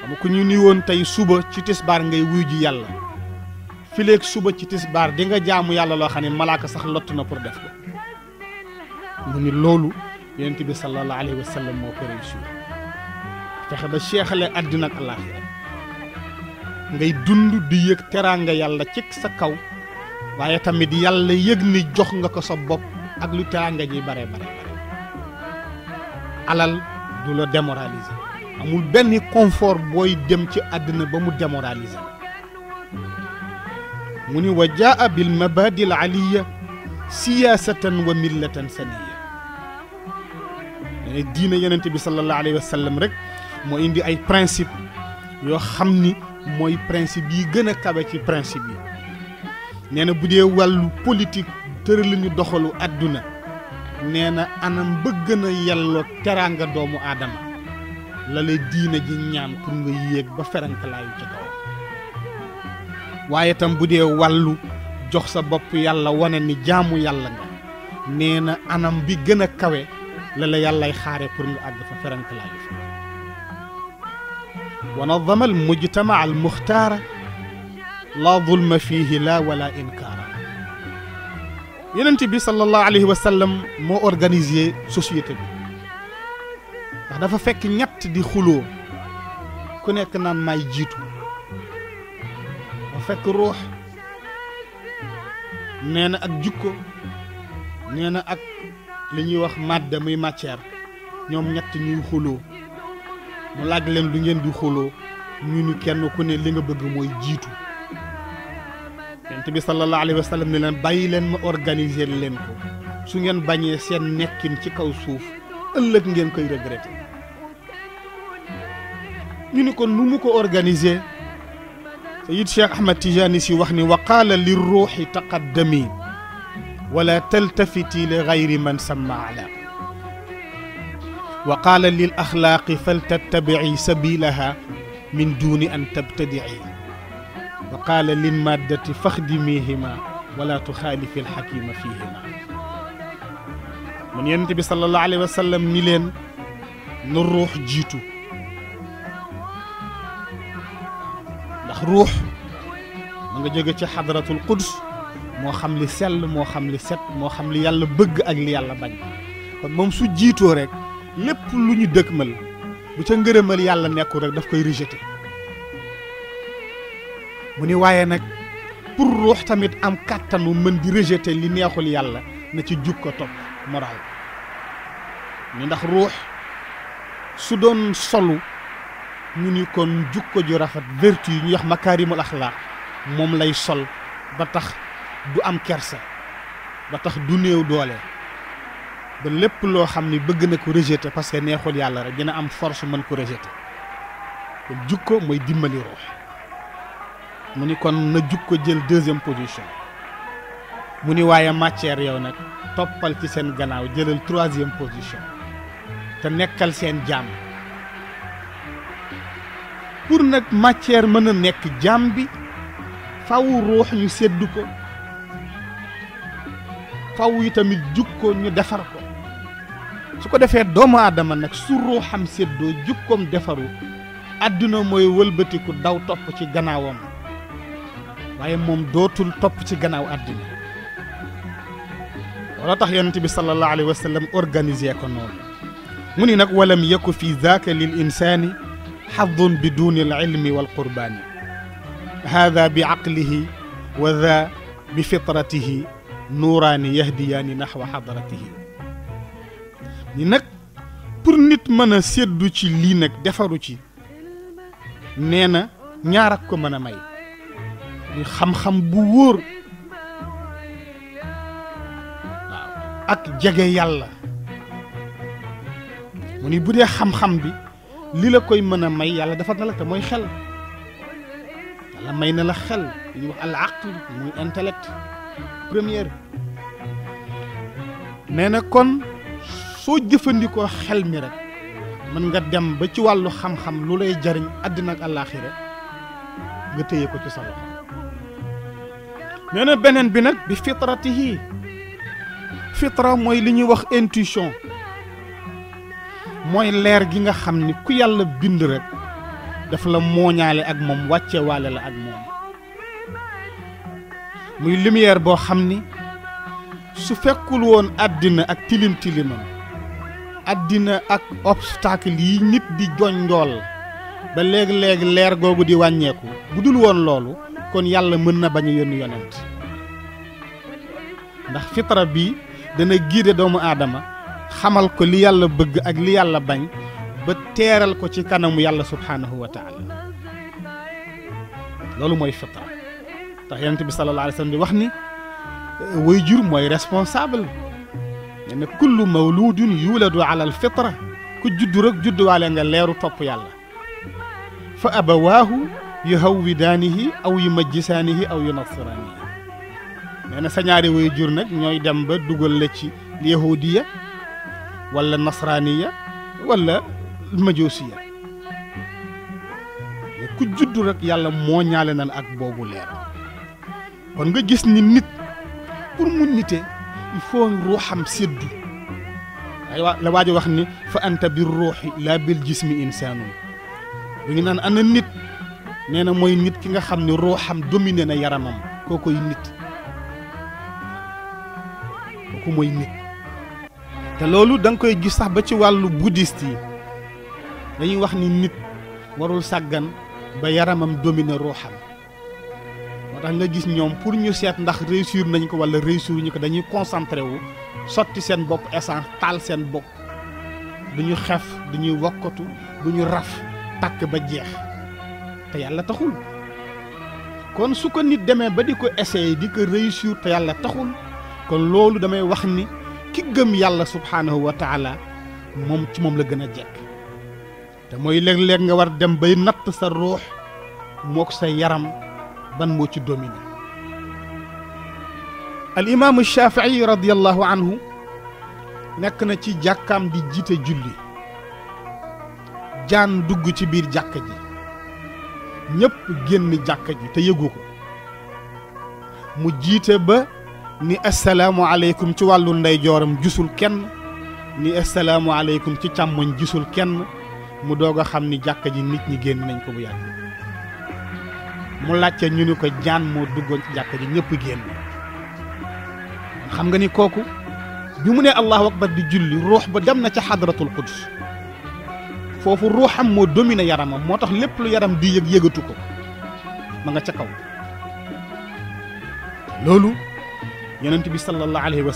xam ku ñu ni woon tey suba ci tisbaar ngay wuy ji yàlla fileeg suba ci tisbaar di nga jaamu yàlla loo xam ne malaaka sax lott na pour def ko mu ni loolu yonent bi sallallahu alayhi wa sallam moo ko réussir fexe ba seexale àddina ak àllaaxira ngay dund di yëg teraanga yàlla ci sa kaw waaye tamit yàlla yëg ni jox nga ko sa bopp ak lu teraanga ji bare bare bare alal du la démoraliser amul benn confort booy dem ci àddina ba mu démoraliser mu ni wa jaa bil mabadil aliya siyaasatan wa millatan saniya diina yonent bi sallallahu alayhi wa rek moo indi ay principe yoo xam ni mooy principe yi gën a kawe ci principe yi nee na bu dee wàllu politique tëralinu doxalu àdduna nee na anam ba gën a yelloo teraanga doomu aadama la lay diine ji ñaan pour nga yéeg ba ferankalaayu ci kaw waaye tam bu dee wàllu jox sa bopp yàlla wane ni jaamu yàlla nga nee na anam bi gën a kawe لالا يالاي خاري بور نو اغ فا فرانك ونظم المجتمع المختار لا ظلم فيه لا ولا انكار يننتي بي صلى الله عليه وسلم مو اورغانيزي سوسيتي بي دا فا فك نيات دي خلو كو نيك نان ماي جيتو وفك روح نينا اك جوكو نينا اك li ñuy wax madda muy matière ñoom ñett ñuy xuloo mu laaj leen lu ngeen di xuloo ñu ni kenn ku ne li nga bëgg mooy jiitu yonent bi sallallahu alayhi wa sallam ne leen bàyyi leen ma organiser leen ko su ngeen bañee seen nekkin ci kaw suuf ëllëg ngeen koy regretter ñu ni kon nu mu ko organiser sayid Cheikh Ahmad Tijani si wax ni wa qaala li ruuxi taqaddami ولا تلتفتي لغير من سمى على وقال للأخلاق فلتتبعي سبيلها من دون أن تبتدعي وقال للمادة فاخدميهما ولا تخالفي الحكيم فيهما من ينتبه صلى الله عليه وسلم نيلين نروح جيتو ndax من جيجة حضرة القدس moo xam li sell moo xam li set moo xam li yàlla bëgg ak li yàlla bañ kon moom su jiitoo rek lépp lu ñu dëkkmal bu ca ngërëmal yàlla nekkul rek daf koy rejeté mu ni waaye nag pour ruux tamit am kàttanu mën di rejeté li neexul yàlla na ci jug ko topp moral ñu ndax ruux su doon solu ñu ni kon jukko ju rafet vertu yi ñuy wax makaarimul la moom lay sol ba tax du am kersa ba tax du néew doole ba lépp loo xam ni bëgg na ko rejeter parce que neexul yàlla rek dina am force mën ko rejeter kon ko mooy dimbali ruux mu ni kon na ko jël deuxième position mu ni waaye matière yow nag toppal ci seen gannaaw jëlal troisième position te nekkal seen jaam pour nag matière mën a nekk jaam bi faw ruux ñu seddu ko faw yi tamit jukko ñu defar ko su ko defee doomu aadama nag su ruuxam séddoo jukkoom defaru àdduna mooy wëlbatiku daw topp ci gannaawam waaye moom dootul topp ci gannaaw àdduna wala tax yonente bi sallallahu alayhi wa sallam organisé ko noonu mu ni nag walam yaku fi zaaka lil insaani xadun bi duuni al ilmi wal qurbaani hada bi aqlihi wa daa bi fitratihi nuuraan yahdiyaan naxwa xadaratihi ni nag pour nit mën a séddu ci lii nag defaru ci nee na ñaar ak ko mën a may ñu xam-xam bu wóor waaw ak jege yàlla mu ni bu dee xam-xam bi li la koy mën a may yàlla defar na la te mooy xel yàlla may na la xel li ñuy wax al aql muy intellect première nee na kon soo jëfandikoo xel mi rek mën nga dem ba ci wàllu xam-xam lu lay jariñ àddina ak àllaaxira nga téye ko ci sa loxo nee na beneen bi nag bi fitratihi fitra mooy li ñuy wax intuition mooy leer gi nga xam ni ku yàlla bind rek daf la mooñaale ak moom wàccewaale la ak moom muy lumière boo xam ni su fekkul woon àddina ak tilim tilimam àddina ak obstacle yi nit di joñ njool ba léeg-léeg leer googu di wàññeeku bu dul woon loolu kon yàlla mën na bañ a yónni yonent ndax fitra bi dana giide doomu aadama xamal ko li yàlla bëgg ak li yàlla bañ ba teeral ko ci kanamu yàlla subhaanahu wa loolu mooy fitra ndax yonent bi sallallahu alayhi wa di wax ni ويجر موي ريسبونسابل يعني كل مولود يولد على الفطره كجد رك جد على ليرو توب يالا فابواه يهودانه او يمجسانه او ينصرانه يعني سنياري ويجر نك نوي دم با دوغل اليهوديه ولا النصرانيه ولا المجوسيه يعني كجد رك يالا مو نيالنا اك بوبو ليرو كون نيت pour mu nite il faut ruuxam séddu aywa la waajo wax ni fa anta bi ruuxi laa bil jismi insaanum bu ngi naan ana nit nee na mooy nit ki nga xam ne ruuxam dominé na yaramam kookoy nit kooku mooy nit te loolu danga koy gis sax ba ci wàllu bouddhiste yi dañuy wax ni nit warul sàggan ba yaramam dominé ruuxam ndax nga gis ñoom pour ñu seet ndax réussir nañ ko wala réussir ñu ko dañuy concentré wu sotti seen bopp essence taal seen bopp du ñu xef du ñu wokkatu du ñu raf takk ba jeex te yàlla taxul kon su ko nit demee ba di ko essayer di ko réussir te yàlla taxul kon loolu damay wax ni ki gëm yàlla subhaanahu wa taala moom ci moom la gën a jekk te mooy léeg-léeg nga war dem bay natt sa ruux ko sa yaram ban mo ci dominé al imam shafii radiyallahu anhu nek na ci jakam di jite julli jaan dugg ci bir jàkka ji ñépp génn jàkka ji te yeguko mu jite ba ni assalamu alaykum ci walu nday joram jusul kenn ni assalamu alaykum ci chamon jusul kenn mu doga xamni xam jàkka ji nit ñi génn nañ ko bu yàgg mu laajte ñu ni ko jaan moo duggoon ci jàkka ji ñëpp génn xam nga ni kooku bi mu ne allahu akbar di julli ruux ba dem na ca xadratul quds foofu ruuxam moo domine yaramam moo tax lépp lu yaram di yëg yëgatu ko ma nga ca kaw loolu yonent bi sallallahu alayhi wa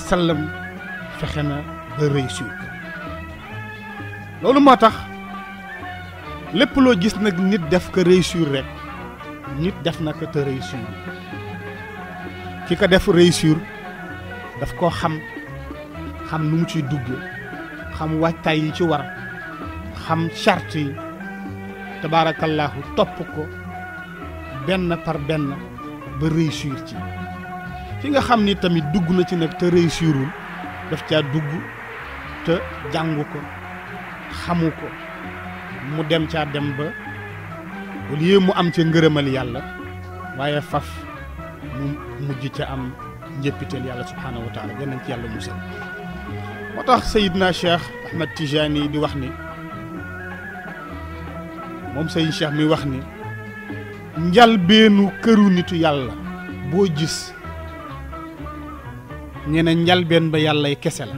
fexe na ba réussir loolu moo tax lépp loo gis nag nit def ko réussir rek nit def na ko te réussir ki ko def réussir daf koo xam xam nu mu ciy dugg xam waajtaay yi ci war xam charte yi tabaarakallaahu topp ko benn par benn ba réussir ci fi nga xam ni tamit dugg na ci nag te réussirul daf ca dugg te jàngu ko xamu ko mu dem caa dem ba au lieu mu am ca ngërëmal yàlla waaye faf mu mujj ca am njëppital yàlla subhaanahu wa ci yàlla musal moo tax Seydina Cheikh Ahmed Tijani di wax ni moom Seydina Cheikh mi wax ni njalbeenu këru nitu yàlla boo gis ñe ne njalbeen ba yàllay kese la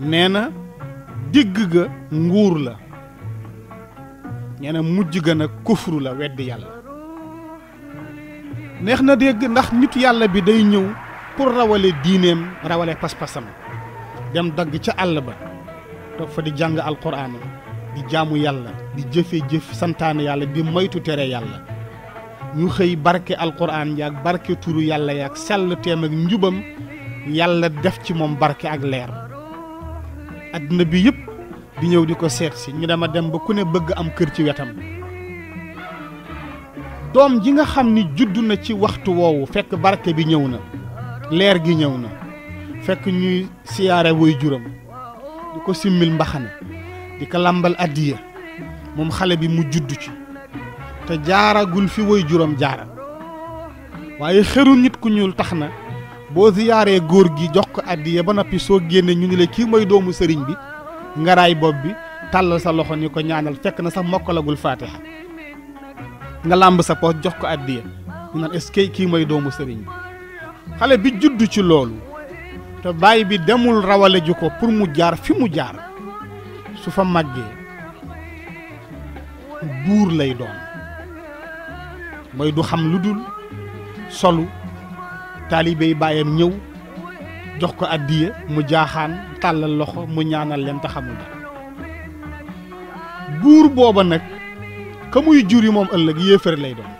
nee na digg ga nguur la nee mujj gën a kufru la weddi yàlla neex na dégg ndax nitu yàlla bi day ñëw pour rawale diineem rawale pas-pasam dem dagg ca àll ba toog fa di jàng alquraan di jaamu yàlla di jëfe-jëf santaane yàlla bi moytu tere yàlla ñu xëy barke alquraan yaag barke turu yàlla yaag sell teem ak njubam yàlla def ci moom barke ak leer adduna bi yëpp di ñëw di ko seet si ñu dama dem ba ku ne bëgg am kër ci wetam doom ji nga xam ni judd na ci waxtu woowu fekk barke bi ñëw na leer gi ñëw na fekk ñuy siyaare woy juram di ko simmil mbaxane di ko làmbal addiya moom xale bi mu judd ci te jaaragul fi woy juram jaara waaye xëru nit ku ñuul tax na boo siyaaree góor gi jox ko addiya ba noppi soo génne ñu ni la kii mooy doomu sëriñ bi nga raay bopp bi tàllal sa loxo ni ko ñaanal fekk na sax mokkalagul faatiha nga làmb sa poos jox ko addiya mu naan ce que kii mooy doomu sëriñ bi xale bi judd ci loolu te bàyyi bi demul rawale ju ko pour mu jaar fi mu jaar su fa màggee buur lay doon mooy du xam lu dul solu taalibe yi bàyyam ñëw jox ko addiye mu jaaxaan tàllal loxo mu ñaanal leen te xamul dara buur booba nag ka muy jur yi moom ëllëg yéefar lay doon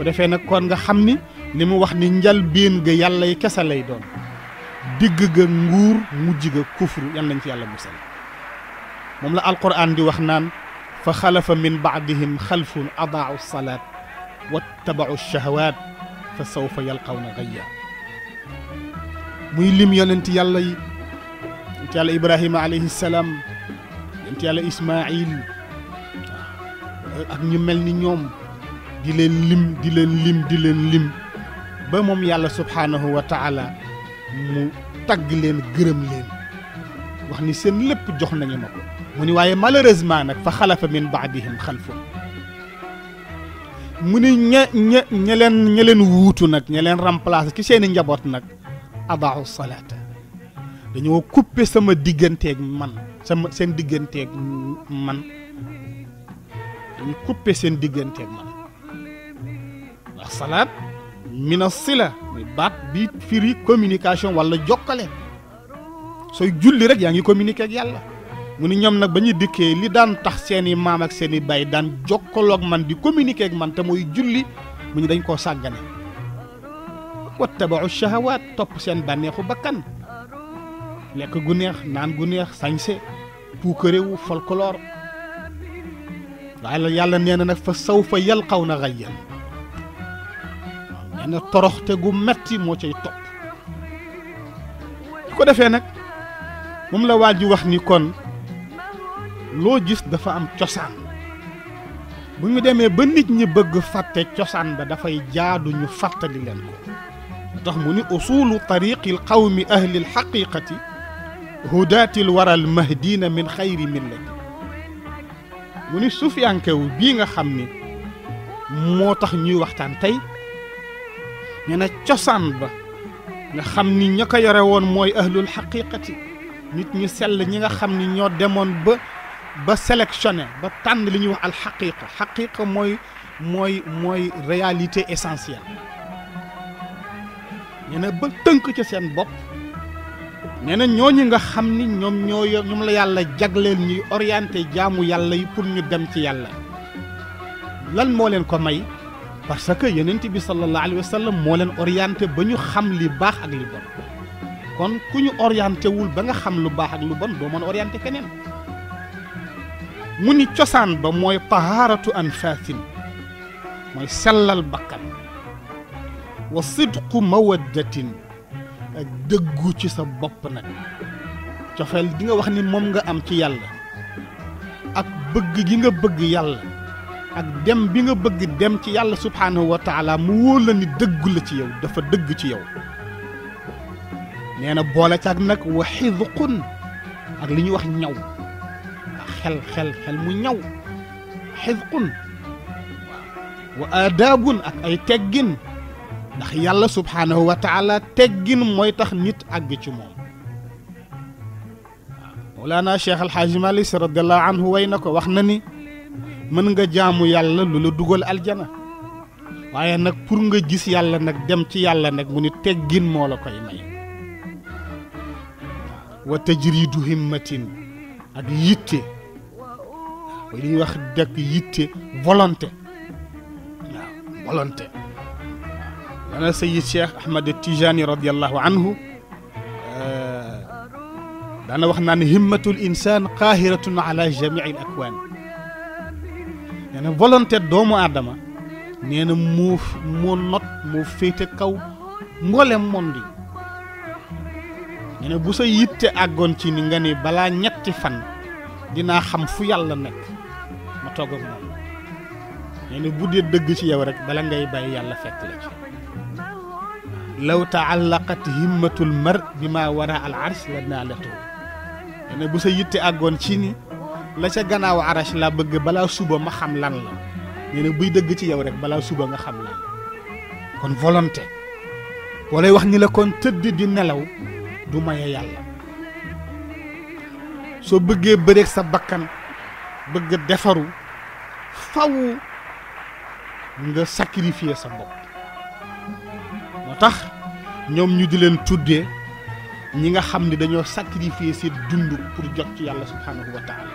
bu defee nag kon nga xam ni li mu wax ni njal biin ga yàlla yi kese lay doon digg ga nguur mujj ga kufru yan nañ ci yàlla musal moom la alquran di wax naan fa xalafa min baadihim xalfun adaau salaat wattabau shahawaat فسوف يلقون غيا موي لم يوننت يالا انت يالا ابراهيم عليه السلام انت يالا اسماعيل آه، اك ني ملني نيوم دي لين لم دي لين لم دي لين لم با موم يالا سبحانه وتعالى مو تاغ لين غرم لين واخني سين لب جوخ ناني مكو موني وايي مالهوريزمان نك فخلف من بعدهم خلفه mu ni ña ña ña leen ña leen wuutu nag ña leen remplacer ci seeni njaboot nag abaaxu salaata dañoo couper sama digganteeg man sama seen digganteeg man dañu couper seen digganteeg man ndax salaat mina sila muy baat bi firi communication walla jokkale sooy julli rek yaa ngi communiquer yàlla mu ni ñom nak bañu dikké mamak li daan tax seeni i maam ak seeni i bay daan jokkolok man di communiquer ak man te moy julli mu ñu dañ ko sagane wattabu shahawat top seen banexu bakkan lek gu neex naan gu neex sañse wu folklore waaye yalla neena nak na fa sawfa yalqawna ghayyan na xayyan toroxte gu metti mo cey top ko defé nak la waji wax ni kon lo gis dafa am ciosan bu ñu démé ba nit ñi bëgg fàtte cosaan ba fay jaadu ñu fatali len ko tax mu ni usulu tariqi alqawmi ahli alxaqiqati hudaati alwara almahdina min xayri millati mu ni sufyan sufiyankew bi nga xamni ni tax ñuy waxtan tay ñu ciosan ba nga xamni ñaka ña ko yore woon mooy ahlul xaqiqati nit ñu sel ñi nga xamni ño demone ba ba sélectionné ba tànn li ñuy wax alxaqiqa xaqiqa mooy mooy mooy réalité essentielle nee na ba tënk ca seen bopp nee na ñooñu nga xam ni ñoom ñoo ñoom la yàlla jagleel ñuy orienté jaamu yàlla yi pour ñu dem ci yàlla lan moo leen ko may parce que yonent bi sallallahu alayhi wa sallam moo leen orienté ba ñu xam li baax ak li bon kon ku ñu orienté wul ba nga xam lu baax ak lu bon boo mën orienté keneen muni ni cosaan ba mooy an anfaasin mooy sellal bakkan wa sidqu mawaddatin ak dëggu ci sa bopp nag cofeel di nga wax ni moom nga am ci yàlla ak bëgg gi nga bëgg yàlla ak dem bi nga bëgg dem ci yàlla subhanahu wa taala mu wóor la ni dëggu la ci yow dafa dëgg ci yow nee na boole caag nag wa xidqun ak li ñuy wax ñaw xel xel xel mu ñaw xifqun wa aadaabun ak ay teggin ndax yàlla subhaanahu wa taala teggin mooy tax nit àgg ci moom Mawlaana Cheikh Al Hadj Malick Sy radiyallahu nga jaamu yàlla lu dugal aljana waaye nag pour nga gis yàlla nag dem ci yàlla nag mu teggin moo la koy may wa tajridu himmatin ak yitte mooy li ñuy wax dekk yitte volonté waaw volonté dana sayid cheikh ahmad tijani radiallahu anhu daana wax naan himmatul insan qahiratun ala jamii l akwaan nee na volonté doomu aadama nee na moo moo not moo féete kaw mboolem monde yi nee na bu sa yitte àggoon ci ni nga ne balaa ñetti fan dinaa xam fu yàlla nekk toog nee na bu dee dëgg ci yow rek bala ngay bàyyi yàlla fekk la ci law taallaqat himmatul mar bi ma war al arsh la naalatu nee na bu sa yitte àggoon ci ni la ca gannaaw arsh la bëgg balaa suba ma xam lan la nee na buy dëgg ci yow rek balaa suba nga xam lan kon volonté walay wax ni la kon tëdd di nelaw du maye yàlla soo bëggee bëreeg sa bakkan bëgg defaru faw nga sacrifier sa bop motax ñom ñu di leen tuddé ñi nga xamni ni dañoo sacrifier ci dund pour jot ci yàlla subhanahu wa taala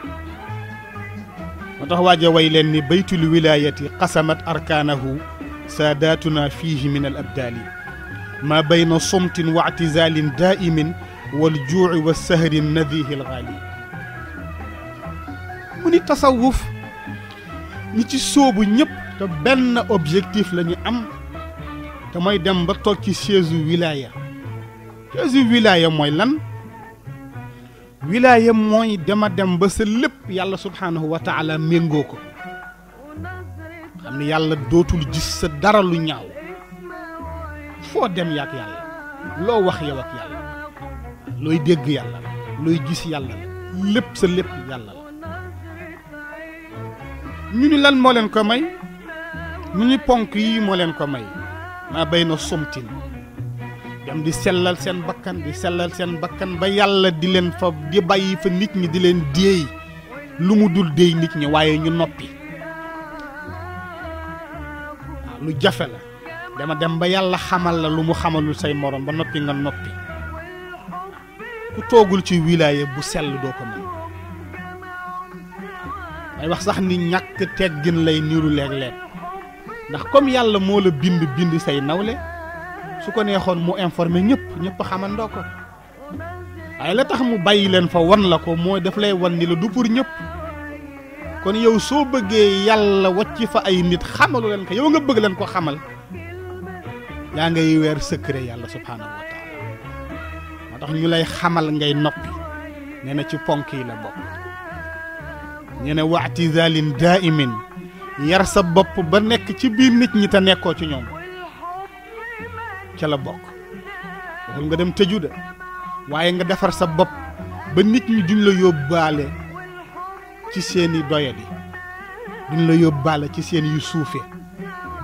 motax waje way leen ni baytul wilayati qasamat arkanahu sadatuna fihi min al arkaanahu ma bayna من wa ما بين wal واعتزال was sahri والسهر al ghali muni tasawuf ñi ci sóobu ñëpp te benn objectif la ñu am te mooy dem ba toog ci siège wilaya siège wilaya mooy lan wilaya mooy dema dem ba sa lépp yàlla subhaanahu wa taala méngoo ko xam ne yàlla dootul gis sa dara lu ñaaw foo dem yaak yàlla loo wax yow looy dégg yàlla looy gis yàlla lépp sa lépp yàlla ñu ni lan moo leen ko may ñu ni ponk yii moo leen ko may maa bay na somtin dem di sellal seen bakkan di sellal seen bakkan ba yàlla di leen fa di bàyyi fa nit ñi di leen déey lu mu dul déey nit ñi waaye ñu noppi lu jafe la dama dem ba yàlla xamal la lu mu xamalul say morom ba noppi nga noppi ku toogul ci wilaya bu sell doo ko mën ay wax sax ni ñàkk teggin lay niru léeg-léeg ndax comme yàlla moo la bind bind say nawle su ko neexoon mu informé ñëpp ñëpp xamandoo ko waaye la tax mu bàyyi leen fa wan la ko mooy daf lay wan ni la du pour ñëpp kon yow soo bëggee yàlla wacc fa ay nit xamalu leen ko yow nga bëgg leen ko xamal yaa ngay weer secret yàlla subhaanahu wa taala moo tax ñu lay xamal ngay noppi nee na ci ponk yi la bokk ñu ne waxti zalin daimin yar sa bopp ba nekk ci biir nit ñi te nekkoo ci ñoom ca la bokk bul nga dem tëju de waaye nga defar sa bopp ba nit ñi duñ la yóbbaale ci seeni doyadi duñ la yóbbaale ci seeni yu suufe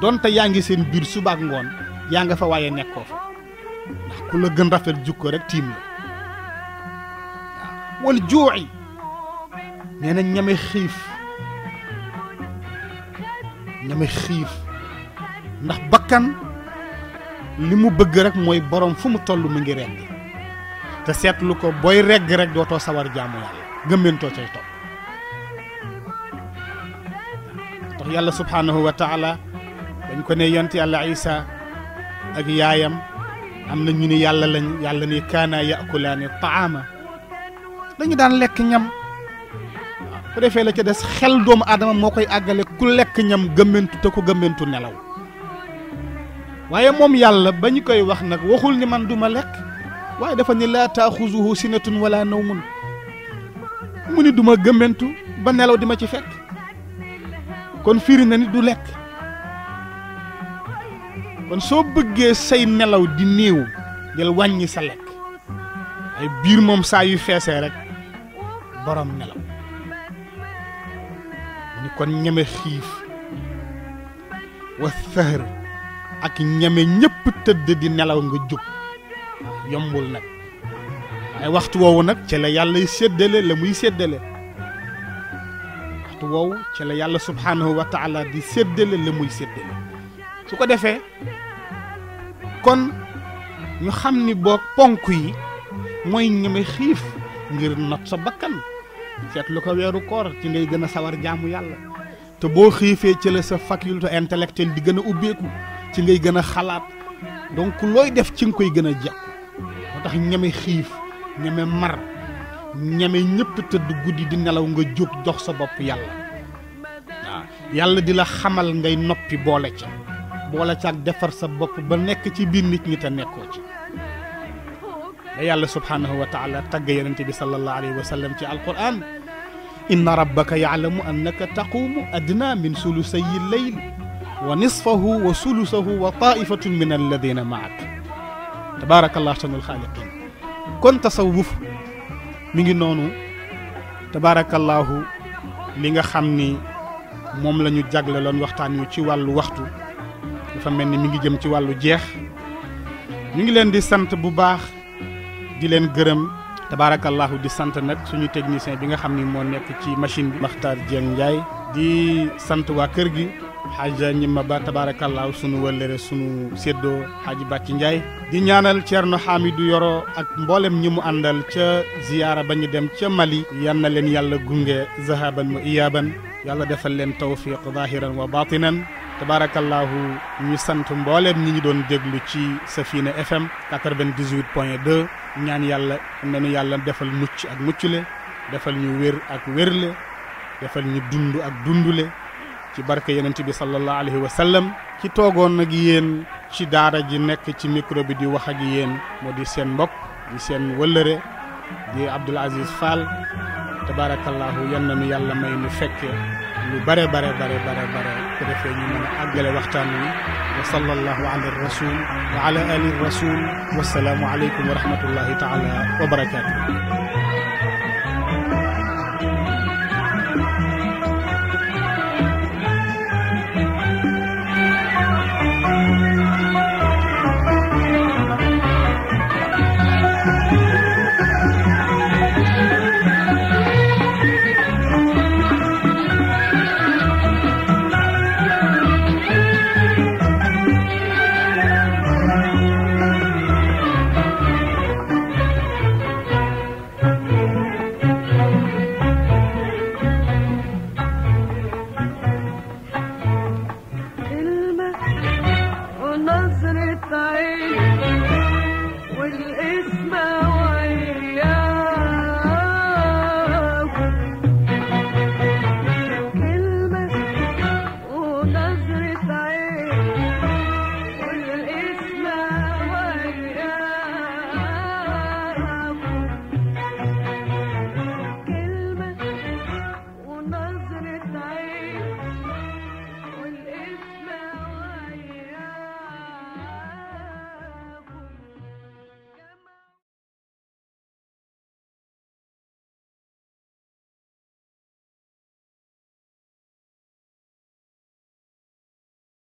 donte yaa ngi seen biir subaak ak ngoon yaa nga fa waaye nekkoofa fa ku la gën rafet jukko rek tiim la wal juuxi nee na ñame xiif ñame xiif ndax bakkan li mu bëgg rek mooy borom fu mu toll mu ngi regg te seetlu ko booy regg rek dootoo sawar jaamu yàlla gëmmentoo cay topp tax yàlla subhaanahu wa dañ ko ne yont yàlla isa ak yaayam am na ñu ni yàlla lañ yàlla ni kaana yakulaani taama dañu daan lekk ñam bu defee la ca des xel doomu aadama moo koy àggale ku lekk ñam gëmmentu te ku gëmmentu nelaw waaye moom yàlla ba ñu koy wax nag waxul ni man duma lekk waaye dafa ni laa taaxuzuhu sinatun wala nawmun mu ni duma gëmmentu ba nelaw di ma ci fekk kon firi na ni du lekk kon soo bëggee say nelaw di néew del wàññi sa lekk ay biir moom saa yu feesee rek borom nelaw kon ñeme xiif wa sëxër ak ñeme ñépp tëdd di nelaw nga jóg yombul nag ay waxtu woowu nag ci la yàlla séddale la muy séddale waxtu woowu ci la yàlla subhaanahu di séddale la muy séddale su ko defee kon ñu xam ni boo ponk yi mooy ñeme xiif ngir not sa bakkan seet lu ko weeru koor ci ngay gën a sawar jaamu yàlla te boo xiifee ci la sa faculté intellectuelle di gën a ubbeeku ci ngay gën a xalaat donc looy def ci nga koy gën a jekku moo tax ñeme xiif ñeme mar ñeme ñëpp tëdd guddi di nelaw nga jóg jox sa bopp yàlla yàlla di la xamal ngay noppi boole ca boole ca ak defar sa bopp ba nekk ci biir nit ñi te nekkoo ci يالا سبحانه وتعالى تاج ينتبي صلى الله عليه وسلم في القران ان ربك يعلم انك تقوم ادنى من ثلثي الليل ونصفه وثلثه وطائفه من الذين معك تبارك الله شان الخالقين كن تصوف ميغي نونو تبارك الله ليغا خامني موم لا نيو جاغلالون وقتان يو سي والو وقتو دا فا ملني ميغي جيم سي والو جيخ ميغي لين دي سانت بو باخ di leen gërëm tabaarakallaahu di sant nag suñu technicien bi nga xam ni moo nekk ci machine bi. Makhtar Dieng Ndiaye. di sant waa kër gi. xaaja ñimma ba tabaarakallaahu sunu wëllëre sunu séddoo xaaji bàcci Ndiaye. di ñaanal Thierno Hamidou Yoro ak mboolem ñi mu àndal ca ziyaara ba ñu dem ca Mali. yan na leen yàlla gunge zahaban wa iyaaban yàlla defal leen tawfiq zahiran wa batinan tabaarakallaahu ñu sant mbooleem ñi ngi doon déglu ci Safina FM 98 point 2 ñaan yàlla nañu yàlla defal mucc ak muccule defal ñu wér ak wérle defal ñu dund ak dundule ci barke yonent bi sallallahu alayhi wa sallam ci toogoon ak yéen ci daara ji nekk ci micro bi di wax ak yéen moo di seen mbokk di seen wëllëre di Abdoul Aziz Fall tabaarakallaahu yan nañu yàlla may nu fekkee lu bare bare bare bare bare ko defé ñu mëna àggale waxtaan wi wa sallallahu ala rasul wa ala ali rasul wa wasalaamu alaykum wa rahmatullahi taala wa barakatuh